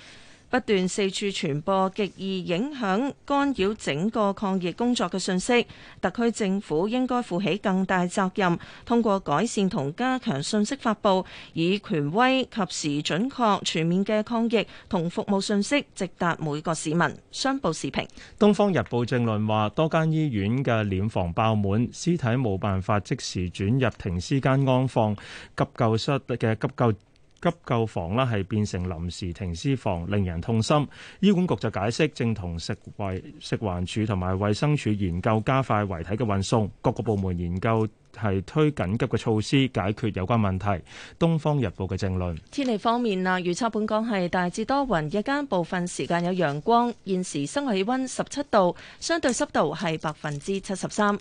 不斷四處傳播極易影響干擾整個抗疫工作嘅信息，特區政府應該負起更大責任，通過改善同加強信息發布，以權威、及時、準確、全面嘅抗疫同服務信息，直達每個市民。商報時評，《東方日報》正論話，多間醫院嘅殮房爆滿，屍體冇辦法即時轉入停屍間安放，急救室嘅急救，急救房啦，係變成臨時停屍房，令人痛心。醫管局就解釋，正同食衞食環署同埋衛生署研究加快遺體嘅運送，各個部門研究係推緊急嘅措施解決有關問題。《東方日報》嘅政論。天氣方面啊，預測本港係大致多雲，日間部分時間有陽光。現時室外氣温十七度，相對濕度係百分之七十三。